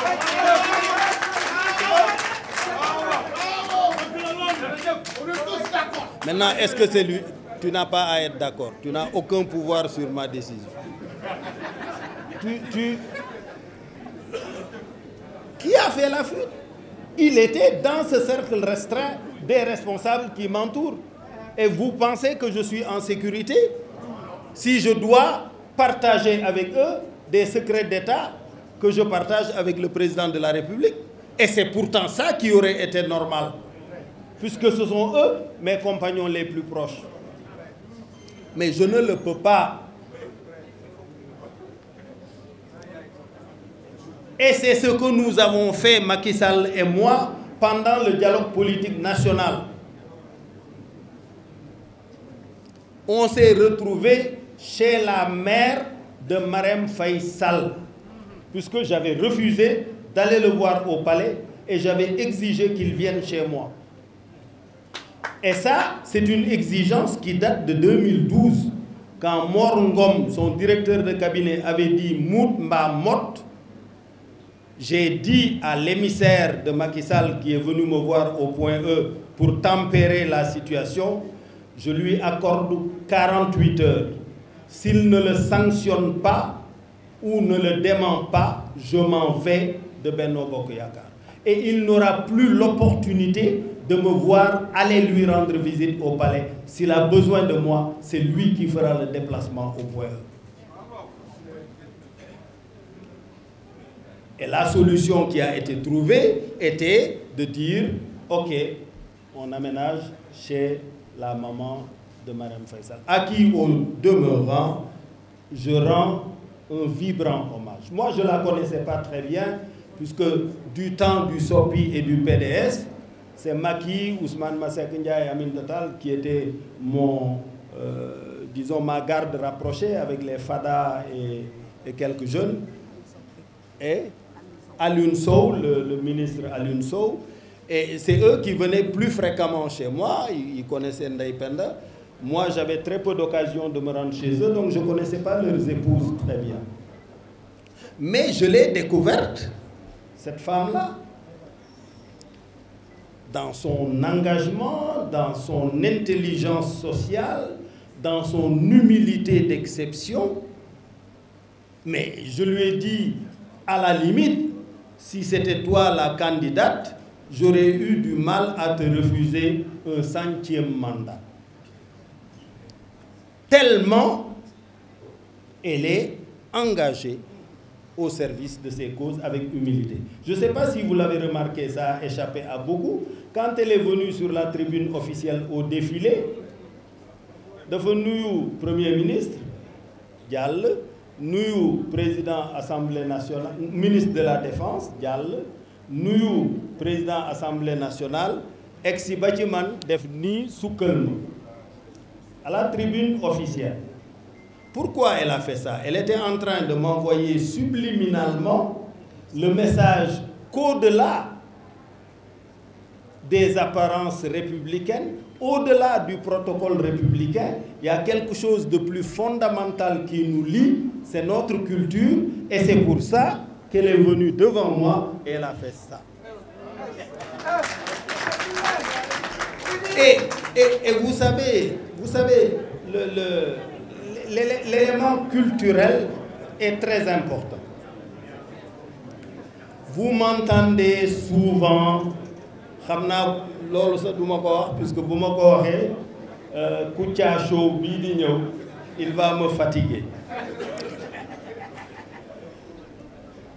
Maintenant, est-ce que c'est lui tu n'as pas à être d'accord. Tu n'as aucun pouvoir sur ma décision. Qui a fait la fuite Il était dans ce cercle restreint des responsables qui m'entourent. Et vous pensez que je suis en sécurité si je dois partager avec eux des secrets d'État que je partage avec le président de la République Et c'est pourtant ça qui aurait été normal, puisque ce sont eux mes compagnons les plus proches mais je ne le peux pas. Et c'est ce que nous avons fait, Macky Sall et moi, pendant le dialogue politique national. On s'est retrouvés chez la mère de Marem Faisal, puisque j'avais refusé d'aller le voir au palais et j'avais exigé qu'il vienne chez moi. Et ça, c'est une exigence qui date de 2012, quand Morungom, son directeur de cabinet, avait dit Mout ma Mot. J'ai dit à l'émissaire de Macky Sall qui est venu me voir au point E pour tempérer la situation, je lui accorde 48 heures. S'il ne le sanctionne pas ou ne le dément pas, je m'en vais de Benno Bokoyakar et il n'aura plus l'opportunité de me voir aller lui rendre visite au palais. S'il a besoin de moi, c'est lui qui fera le déplacement au pouvoir. E. Et la solution qui a été trouvée était de dire, OK, on aménage chez la maman de Mme Faisal, à qui, au demeurant, je rends un vibrant hommage. Moi, je ne la connaissais pas très bien, puisque du temps du SOPI et du PDS, c'est Maki, Ousmane Massakindia et Amin Total qui étaient mon, euh, disons, ma garde rapprochée avec les FADA et, quelques jeunes. Et Alun Sow, le, ministre Alun Sow, et c'est eux qui venaient plus fréquemment chez moi, ils, connaissaient Ndaï Penda. Moi, j'avais très peu d'occasion de me rendre chez eux, donc je ne connaissais pas leurs épouses très bien. Mais je l'ai découverte cette femme-là, dans son engagement, dans son intelligence sociale, dans son humilité d'exception. Mais je lui ai dit, à la limite, si c'était toi la candidate, j'aurais eu du mal à te refuser un cinquième mandat. Tellement elle est engagée au service de ses causes avec humilité. Je ne sais pas si vous l'avez remarqué, ça a échappé à beaucoup. Quand elle est venue sur la tribune officielle au défilé, devenu Premier ministre, Dial, nous, président Assemblée nationale, ministre de la Défense, Dial, nous, président Assemblée nationale, ex devenu à la tribune officielle. Pourquoi elle a fait ça Elle était en train de m'envoyer subliminalement le message qu'au-delà des apparences républicaines, au-delà du protocole républicain, il y a quelque chose de plus fondamental qui nous lie, c'est notre culture, et c'est pour ça qu'elle est venue devant moi et elle a fait ça. Et, et, vous savez, vous savez, le l'élément culturel est très important. Vous m'entendez souvent, puisque vous euh, me il va me fatiguer.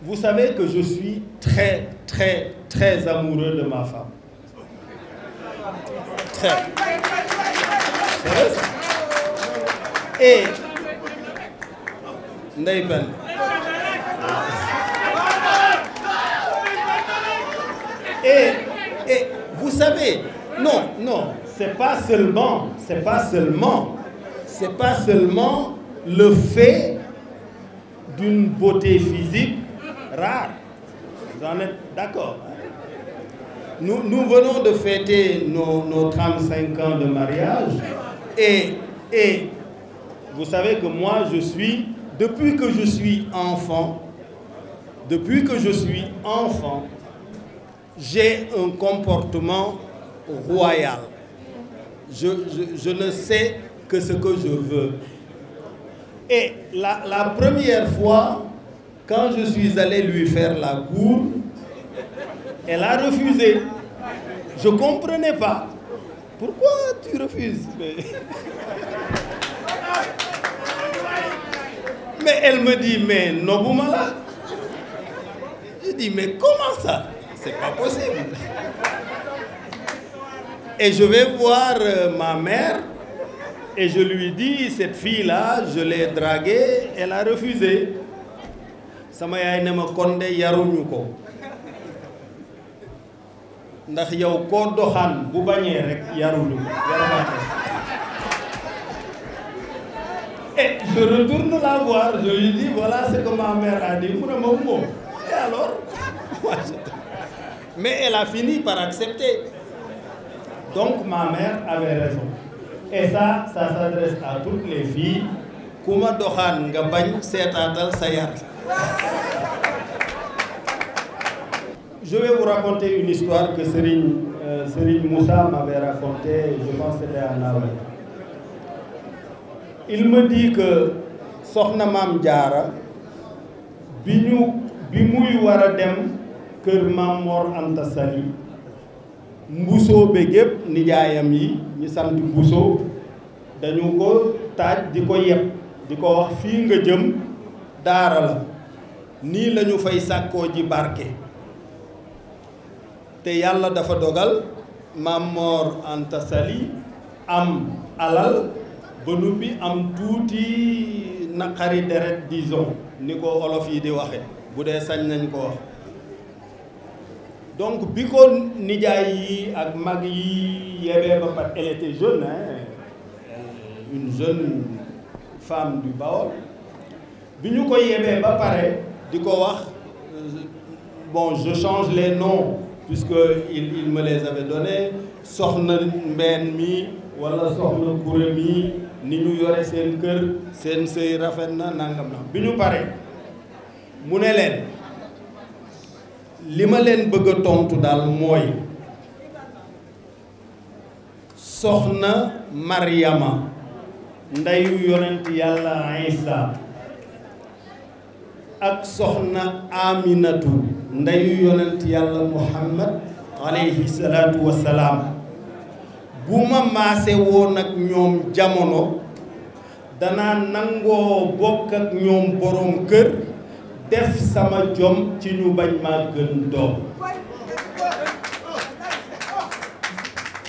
Vous savez que je suis très très très amoureux de ma femme. Très et eh. et eh, eh, vous savez non non c'est pas seulement c'est pas seulement c'est pas seulement le fait d'une beauté physique rare vous en êtes d'accord hein? nous, nous, venons de fêter nos, nos 35 ans de mariage et, et vous savez que moi, je suis, depuis que je suis enfant, depuis que je suis enfant, j'ai un comportement royal. Je, ne sais que ce que je veux. Et la, première fois, quand je suis allé lui faire la cour, elle a refusé. Je ne comprenais pas. Pourquoi tu refuses [laughs] Mais elle me dit, mais Nobumala. Je dis, mais comment ça C'est pas possible. Et je vais voir euh, ma mère et je lui dis, cette fille-là, je l'ai draguée, elle a refusé. sama ne ma dit « de ko ndax yow un doxaan bu bañé rek yaruñu et eh, je retourne la voir, je lui dis voilà ce que ma mère a dit. Et alors Mais elle a fini par accepter. Donc ma mère avait raison. Et ça, ça s'adresse à toutes les filles. Je vais vous raconter une histoire que Serine, euh, Moussa m'avait racontée, je pense que c'était en Hawaï. il me dit que soxna binyu jaara bi ñu bi muy war dem kër maam Mor Anta Sali mbusoo be gépp nijaayam yi sant dañu ko taaj di ko yeb di ko wax fii nga jëm daara la lañu fay ji barke te yàlla dafa dogal maam Mor Anta Sali am alal ba noppi am tuuti naqari deret disons niko olofi di waxe bu sañ nañ ko wax donc biko ko nijaay yi ak mag yi ba elle était jeune hein euh, une jeune femme du Baol biñu ko yebee ba pare diko wax euh, bon je change les noms puisque il il me les avait donnés soxna mbenn mi wala soxna ni ñu yore seen kër seen sëy rafet na nangam na bi ñu pare mu ne leen li ma leen bëgg a tontu daal mooy soxna Maryama ndeyu yonent yàlla Isa ak soxna Aminatu ndeyu yonent yàlla Muhammad alayhi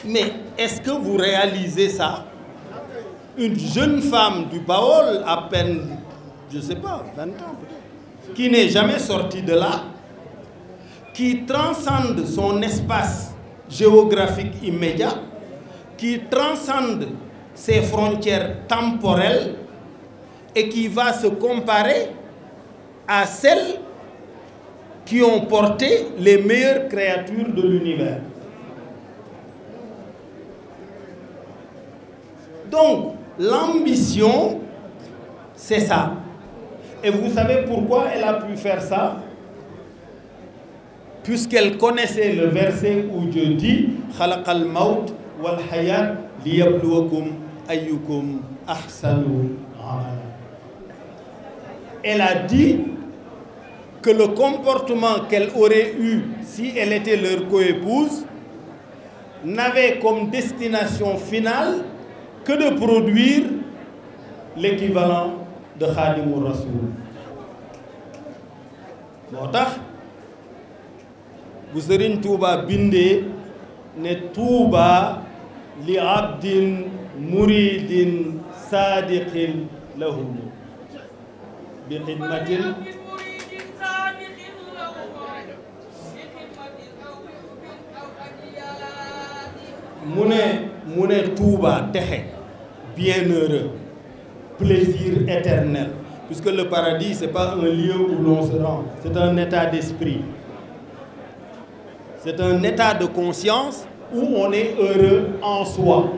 mais est-ce que vous réalisez ça une jeune femme du Baol à peine je ne sais pas 20 ans qui n'est jamais sortie de là qui transcende son espace géographique immédiat qui transcende ses frontières temporelles et qui va se comparer à celles qui ont porté les meilleures créatures de l'univers. Donc, l'ambition, c'est ça. Et vous savez pourquoi elle a pu faire ça Puisqu'elle connaissait le verset où Dieu dit « Khalaqal maut elle a dit que le comportement qu'elle aurait eu si elle était leur coépouse n'avait comme destination finale que de produire l'équivalent de ou Rasoul li abdin muridin sadiqin lahu bi Mune, mune ne mune, mune, Touba bienheureux plaisir éternel puisque le paradis c'est pas un lieu où l'on se rend c'est un état d'esprit c'est un état de conscience où on est heureux en soi,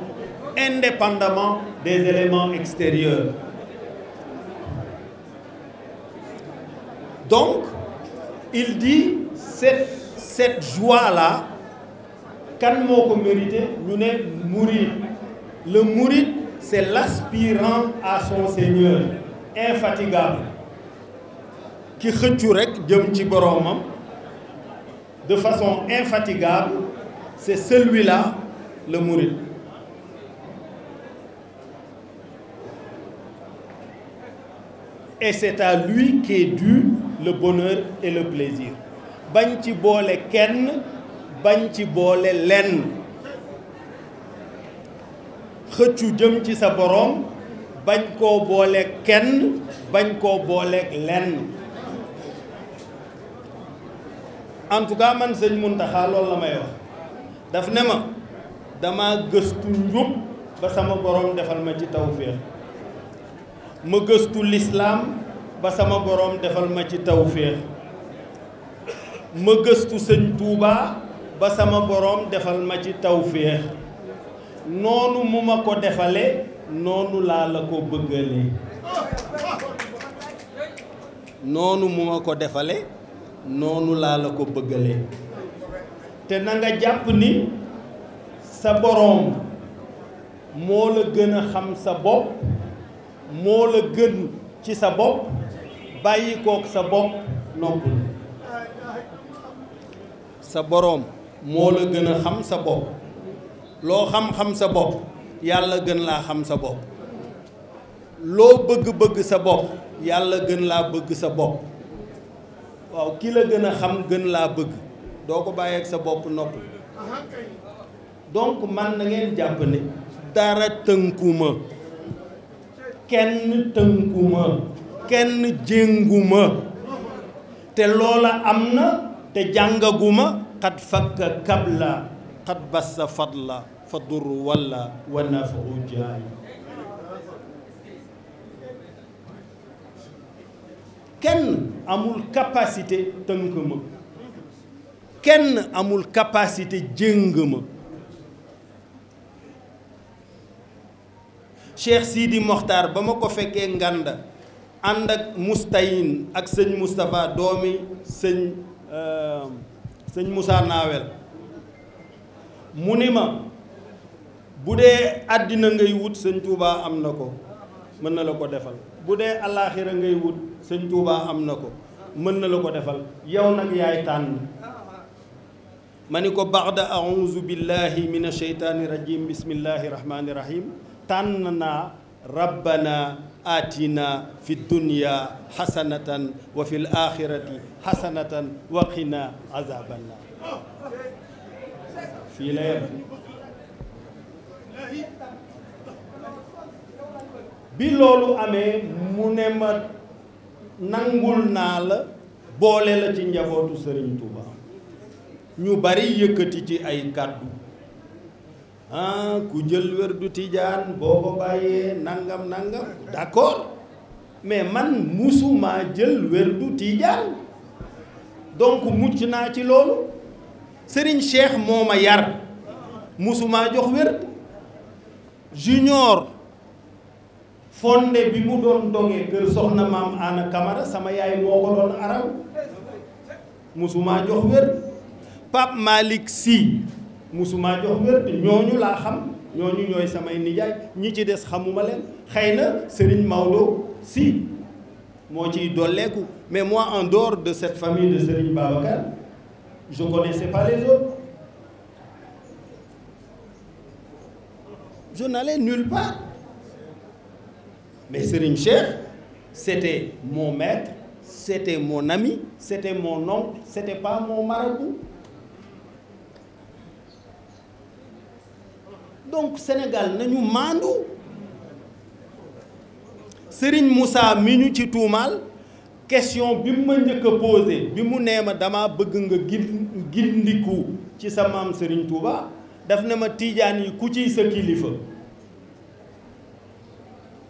indépendamment des éléments extérieurs. Donc, il dit, cette, joie-là, kan le mourir, c'est l'aspirant à son seigneur infatigable qui retourne de façon infatigable c'est celui-là le mourir, Et c'est à lui qu'est dû le bonheur et le plaisir. Banchi ci ken, kenn bañ ci boole lenn xëccu jëm ci sa borom, bañ koo boole kenn bañ len. boole lenn en tout cas man seigne la wax daf ne ma dama gëstu njub ba sama boroom defal ma ci tawféex ma gëstu lislaam ba sama boroom defal ma ci tawféex ma gëstu sëñ Tuuba ba sama boroom defal ma ci tawféex noonu mu ma ko defale noonu laa la ko bëggalee noonu mu ma ko defale noonu laa la ko bëggalee te na nga jàpp ni sa boroom moo la gën a xam sa bopp moo la gën ci sa bopp ham kook sa bopp noppul sa boroom moo la gën a xam sa bopp loo xam-xam sa bopp yàlla gën laa xam sa bopp loo bëgg-bëgg sa gën bëgg sa waaw ki la gën xam gën bëgg doo ko bàyyeeg sa bopp nopp donc man na ngeen jàpp ne dara tënkuma kenn tënkuma kenn jénguma te loola am na te jàngaguma xat fakka kabla xat bassa fadla fa dur walla wa nafahu jaay kenn amul capacité tënkuma kenn amul capacité jéng ma Cheikh siidi Mokhtar ba ma ko fekkee Nganda ànd ak Moustahine ak sëñ Moustapha doomi sëñ euh, sëñ Moussa Nawel mu ni ma bu dee àddina ngay wut sëñ Touba am na ko mën na la ko defal bu dee alaaxira ngay wut sëñ Touba am na ko mën na la ko defal yow nag yaay tànn مانيكو بعد أعوذ بالله من الشيطان الرجيم بسم الله الرحمن الرحيم تننا ربنا آتنا في الدنيا حسنة وفي الآخرة حسنة وقنا عذاب الله في ليلة bilolu amé munema nangul nal bolé la ci ñu bari yëkkati ci ay kàddu ah, ku jël werdu tijaan boo ko bàyyee nangam nangam d'accord mais man musumaa jël werdu tijaan donc mucc naa ci loolu Serigne Cheikh moo ma yar musumaa jox werd junior fonde bi mu doon dongee kër soxna maam Anna Camara sama yaay moo ko doon araw musuma jox werd Pape Malik Si, musuma jox wér ñooñu la xam ñooñu ñoy samay nijaay ñi ci des xamuma len xeyna Serigne Maodo Si, mo ciy dolleeku mais moi en dehors de cette famille de Serigne Babacar je connaissais pas les autres je n'allais nulle part mais Serigne Cheikh c'était mon maître c'était mon ami c'était mon oncle c'était pas mon marabout donc Sénégal nañu maandu Serigne Moussa mi ñu ci tuumaal question bi mu ma njëkk a bi mu nee ma dama bëgg nga gindiku ci sa maam Serigne Touba daf ne ma tiijaan yi ku ciy sa kilifa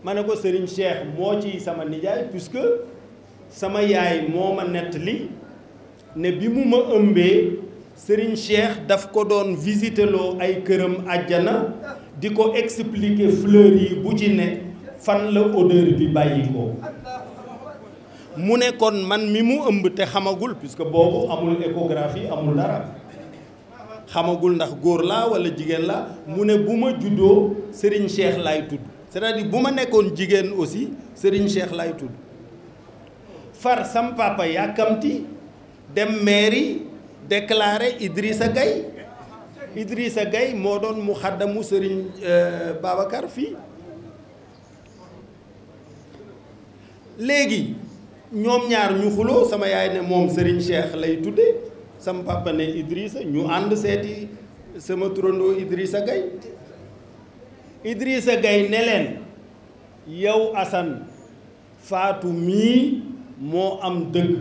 ma ne ko sëriñ Cheikh moo ciy sama nijaay puisque sama yaay moo ma nettali ne bi mu ma ëmbee sëriñ Cheikh daf ko doon visiteloo ay këram àjjana di ko expliquer fleur yi bu ci ne fan la odeur bi bàyyi ko mu ne kon man mi mu ëmb te xamagul puisque boobu amul échographie amul dara xamagul ndax góor la wala jigéen la mu ne bu ma juddoo sëriñ Cheikh lay tudd cest bu ma nekkoon jigéen aussi Serigne Cheikh lay tudd far sam yàkkamti dem meeri déclaré Idrissa Gueye Idrissa Gueye moo doon mu xaddamu sëriñ euh, Babacar fii léegi ñoom ñaar ñu xuloo sama yaay ne moom Serigne Cheikh lay tuddee sama papa ne Idrissa ñu ànd seeti sama turandoo Idrissa Gueye Idrissa Gueye ne leen yow Assane Fatou mii moo am dëgg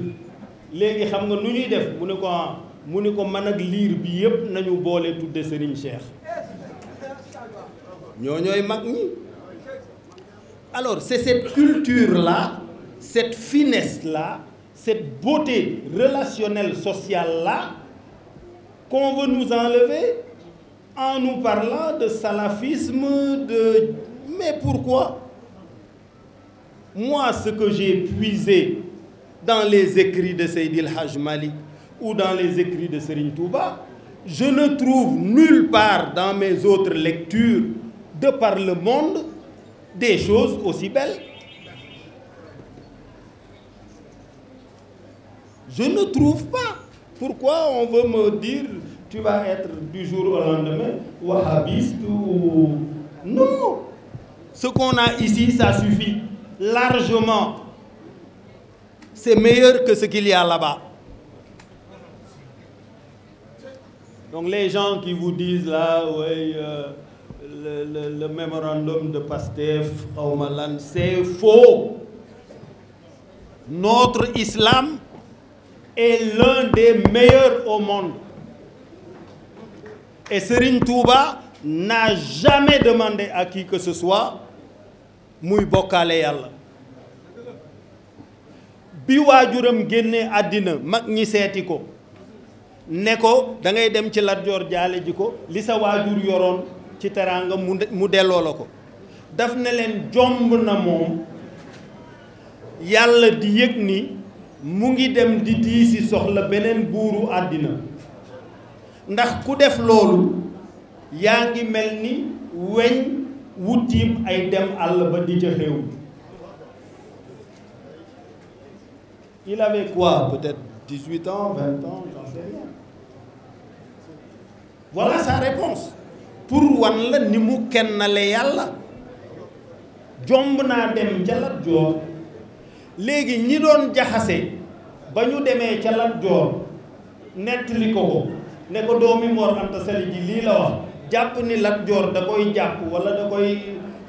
léegi xam nga nu ñuy def mu ne ko ah, alors c'est cette culture là cette finesse là cette beauté relationnelle sociale là qu'on veut nous enlever en nous parlant de salafisme de mais pourquoi moi ce que j'ai puisé dans les écrits de Seydil Haj ou dans les écrits de Serigne Touba, je ne trouve nulle part dans mes autres lectures de par le monde des choses aussi belles. Je ne trouve pas. Pourquoi on veut me dire tu vas être du jour au lendemain wahhabiste ou... Non Ce qu'on a ici, ça suffit largement. C'est meilleur que ce qu'il y a là-bas. Donc les gens qui vous disent là, oui, euh, le, mémorandum de Pastef, c'est faux. Notre islam est l'un des meilleurs au monde. Et Serine Touba n'a jamais demandé à qui que ce soit Mouy Biwa bi genne Adine, mag ne ko dangay dem ci Lat Joor jaale ji ko li sa waajur yoroon ci teraanga mu mu delloo la ko daf ne leen jomb na moom yàlla di yëg ni mu ngi dem di diisi soxla beneen buuru àddina ndax ku def loolu yaa ngi mel ni weñ wu ay dem àll ba di ca xéew il avait voilà sa réponse pour wan la ni mu kenn kennale yàlla jomb naa dem ca Lat léegi ñi doon jaxase ba ñu demee ca Lat Joor nettali ko ko ne ko doomi Mor Anta Sali ji lii la wax jàpp ni Lat Joor da koy jàpp wala da koy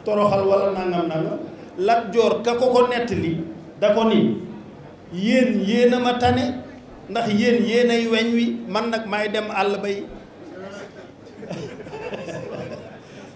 toroxal wala nangam nangam Lat Joor ka ko ko nettali da ko ni yéen yéen a ma tane ndax yéen yéen ay weñ wi man nag maay dem àll bay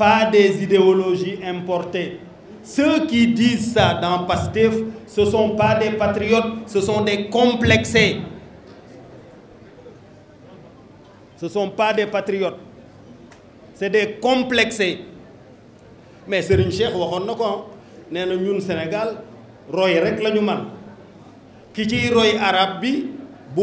pas des idéologies importées. Ceux qui disent ça dans PASTEF, ce ne sont pas des patriotes, ce sont des complexés. Ce ne sont pas des patriotes, c'est des complexés. Mais c'est une chose. on ko dit. ñun Sénégal roy rek la Qui dit roy Arabi bi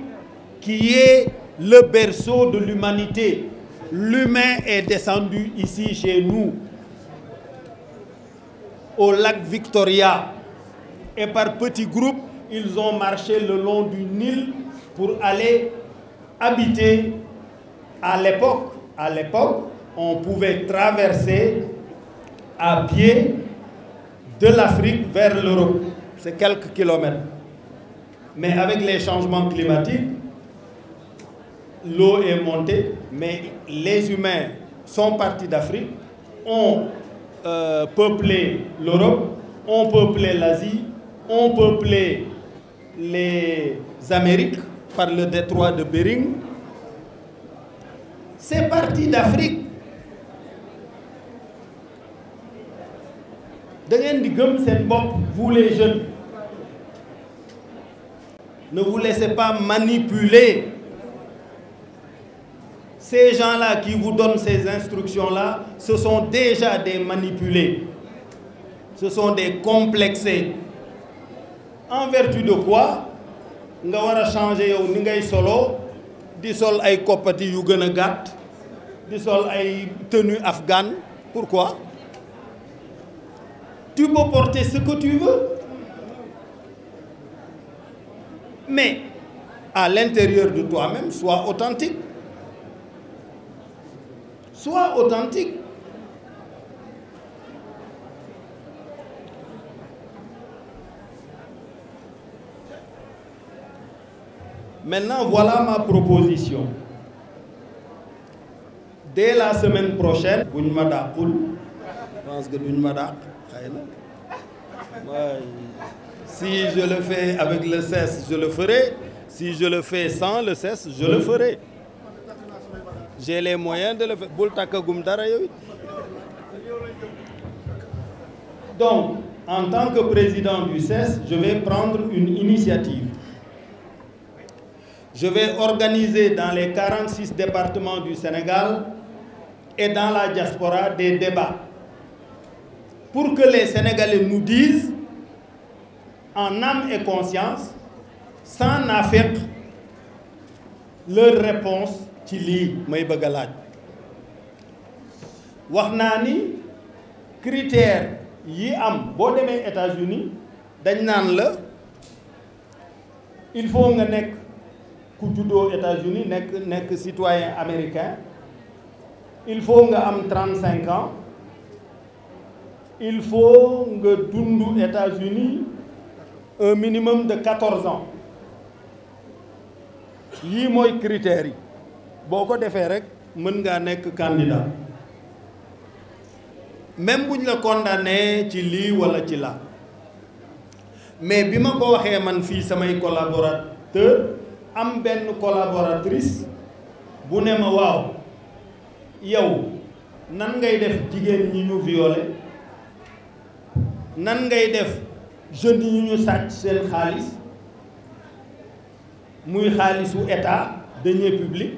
qui est le berceau de l'humanité. L'humain est descendu ici chez nous, au lac Victoria. Et par petits groupes, ils ont marché le long du Nil pour aller habiter. À l'époque, à l'époque, on pouvait traverser à pied de l'Afrique vers l'Europe. C'est quelques kilomètres. Mais avec les changements climatiques, l'eau est montée, mais les humains sont partis d'Afrique, ont euh, peuplé l'Europe, ont peuplé l'Asie, ont peuplé les Amériques par le détroit de Bering. C'est parti d'Afrique. Vous les jeunes, ne vous laissez pas manipuler ces gens-là qui vous donnent ces instructions-là, ce sont déjà des manipulés. Ce sont des complexés. En vertu de quoi nous devons changer au ni solo di sol ay kopati yu gën tenue afghane pourquoi tu peux porter ce que tu veux mais à l'intérieur de toi-même sois authentique soit authentique. Maintenant, voilà ma proposition. Dès la semaine prochaine, buñ Je pense que si je le fais avec le cesse, je le ferai. Si je le fais sans le cesse, je le ferai j'ai les moyens de le faire donc en tant que président du CES je vais prendre une initiative je vais organiser dans les 46 départements du Sénégal et dans la diaspora des débats pour que les Sénégalais nous disent en âme et conscience, sans affect, leur réponse ci li may bëgg a laaj wax naa ni critère yi am boo demee États-Unis dañ naan la il faut nga nekk ku juddoo États-Unis nekk nekk citoyen américain il faut nga am 35 ans il faut nga dund États-Unis un minimum de 14 ans yii mooy critère. yi boo ko defee rek mën ngaa nekk candidat même buñ la condamné ci lii walla ci la mais bi ma ko waxee man fii samay collaborateur am benn collaboratrice bu ne ma waaw yow nan ngay def jigéen ñi ñu violé nan ngay def jeunes yi ñu sàcc seen xaalis muy xaalisu état deniers publics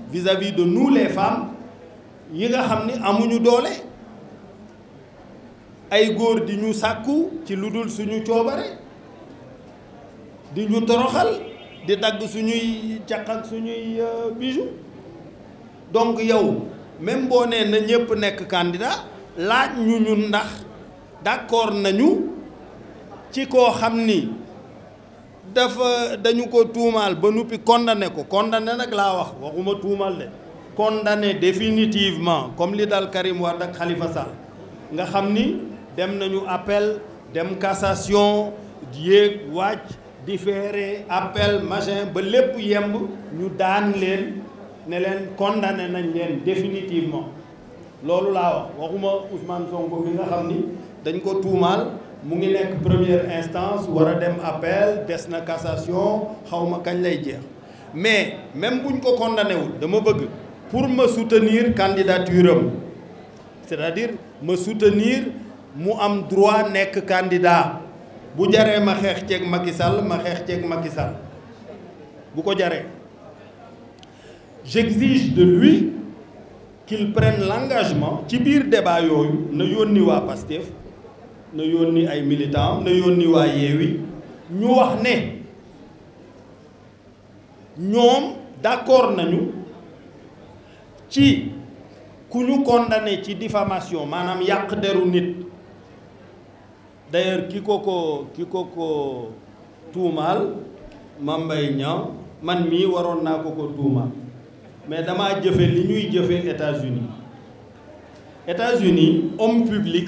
vis-à-vis de nous les femmes yi nga xamni amuñu doolé ay goor di ñu sakku ci luddul suñu coobare di ñu toroxal di dagg suñuy caq suñuy euh, bijou donc yow même boo nee na ñëpp nek candidat laaj ñu ñun ndax d'accord nañu ci ko xamni nous dañu ko condamner condamné condamné condamné définitivement comme li Karim Khalifa Sall nga avons dem appel dem cassation dieu watch différé appel machin ba avons condamné définitivement wax waxuma mungi nek première instance wara dem appel des na cassation xawma ma kañ lay jeex mais même buñ ko condamné wul dama bëgg pour me soutenir candidature c'est-à-dire me soutenir mu am droit nek candidat bu jaré ma xeex ceeg Macky Sall ma xeex ceeg Macky Sall bu ko jaré j'exige de lui qu'il prenne l'engagement ci bir débat yoyu na yoni wa Pastef na yónni ay militant na yónni waa Yewwi ñu wax ne ñoom d'accord nañu ci ku ñu condamné ci diffamation maanaam yàq deru nit d'ailleurs ki ko ko ki ko ko tuumaal Mame Mbaye Niang man mii waroon naa ko ko tuumaal mais damaa jëfe li ñuy jëfe États-Unis États-Unis homme public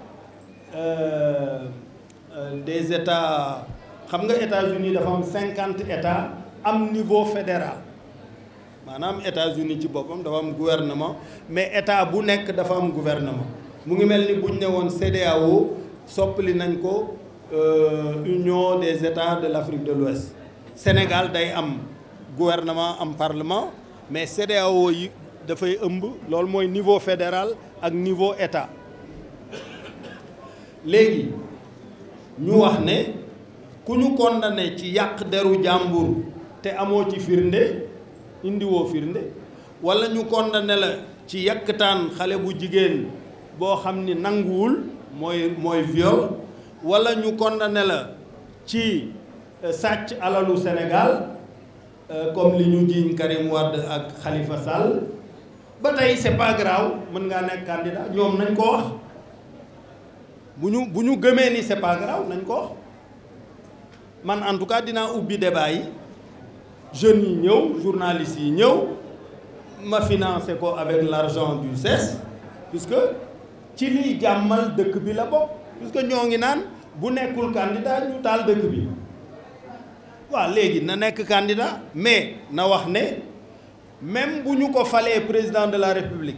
Euh, euh, des états xam États-Unis dafa 50 50 états am niveau fédéral Les États-Unis ci un gouvernement mais état bu ont dafa gouvernement mu ni buñ CEDEAO euh, Union des États de l'Afrique de l'Ouest Sénégal a un gouvernement un parlement mais le CDAO est niveau fédéral et un niveau état léegi ñu wax ne ku ñu condamné ci yàq deru jàmbur te amoo ci firnde indiwoo firnde walla ñu condamné la ci yàkkataan xale bu jigéen boo xam ni nanguwul mooy mooy viol wala ñu condamné la ci euh, sàcc alalu senegal euh, comme li ñu jiiñ Karim Wade ak Khalifa Sall ba tey c'est mën nga nekk candidat ñoom nañ ko wax bu ñu bu ni c'est pas grave nañ ko wax man en tout cas dina ubi débat yi jeunes ñëw journalistes ñëw ma financé ko avec l'argent du CES puisque ci liy jàmmal dëkk bi la bokk puisque ñoo ngi naan bu nekkul candidat ñu taal dëkk bi waaw léegi na nekk candidat mais na wax ne même bu ñu ko falee président de la république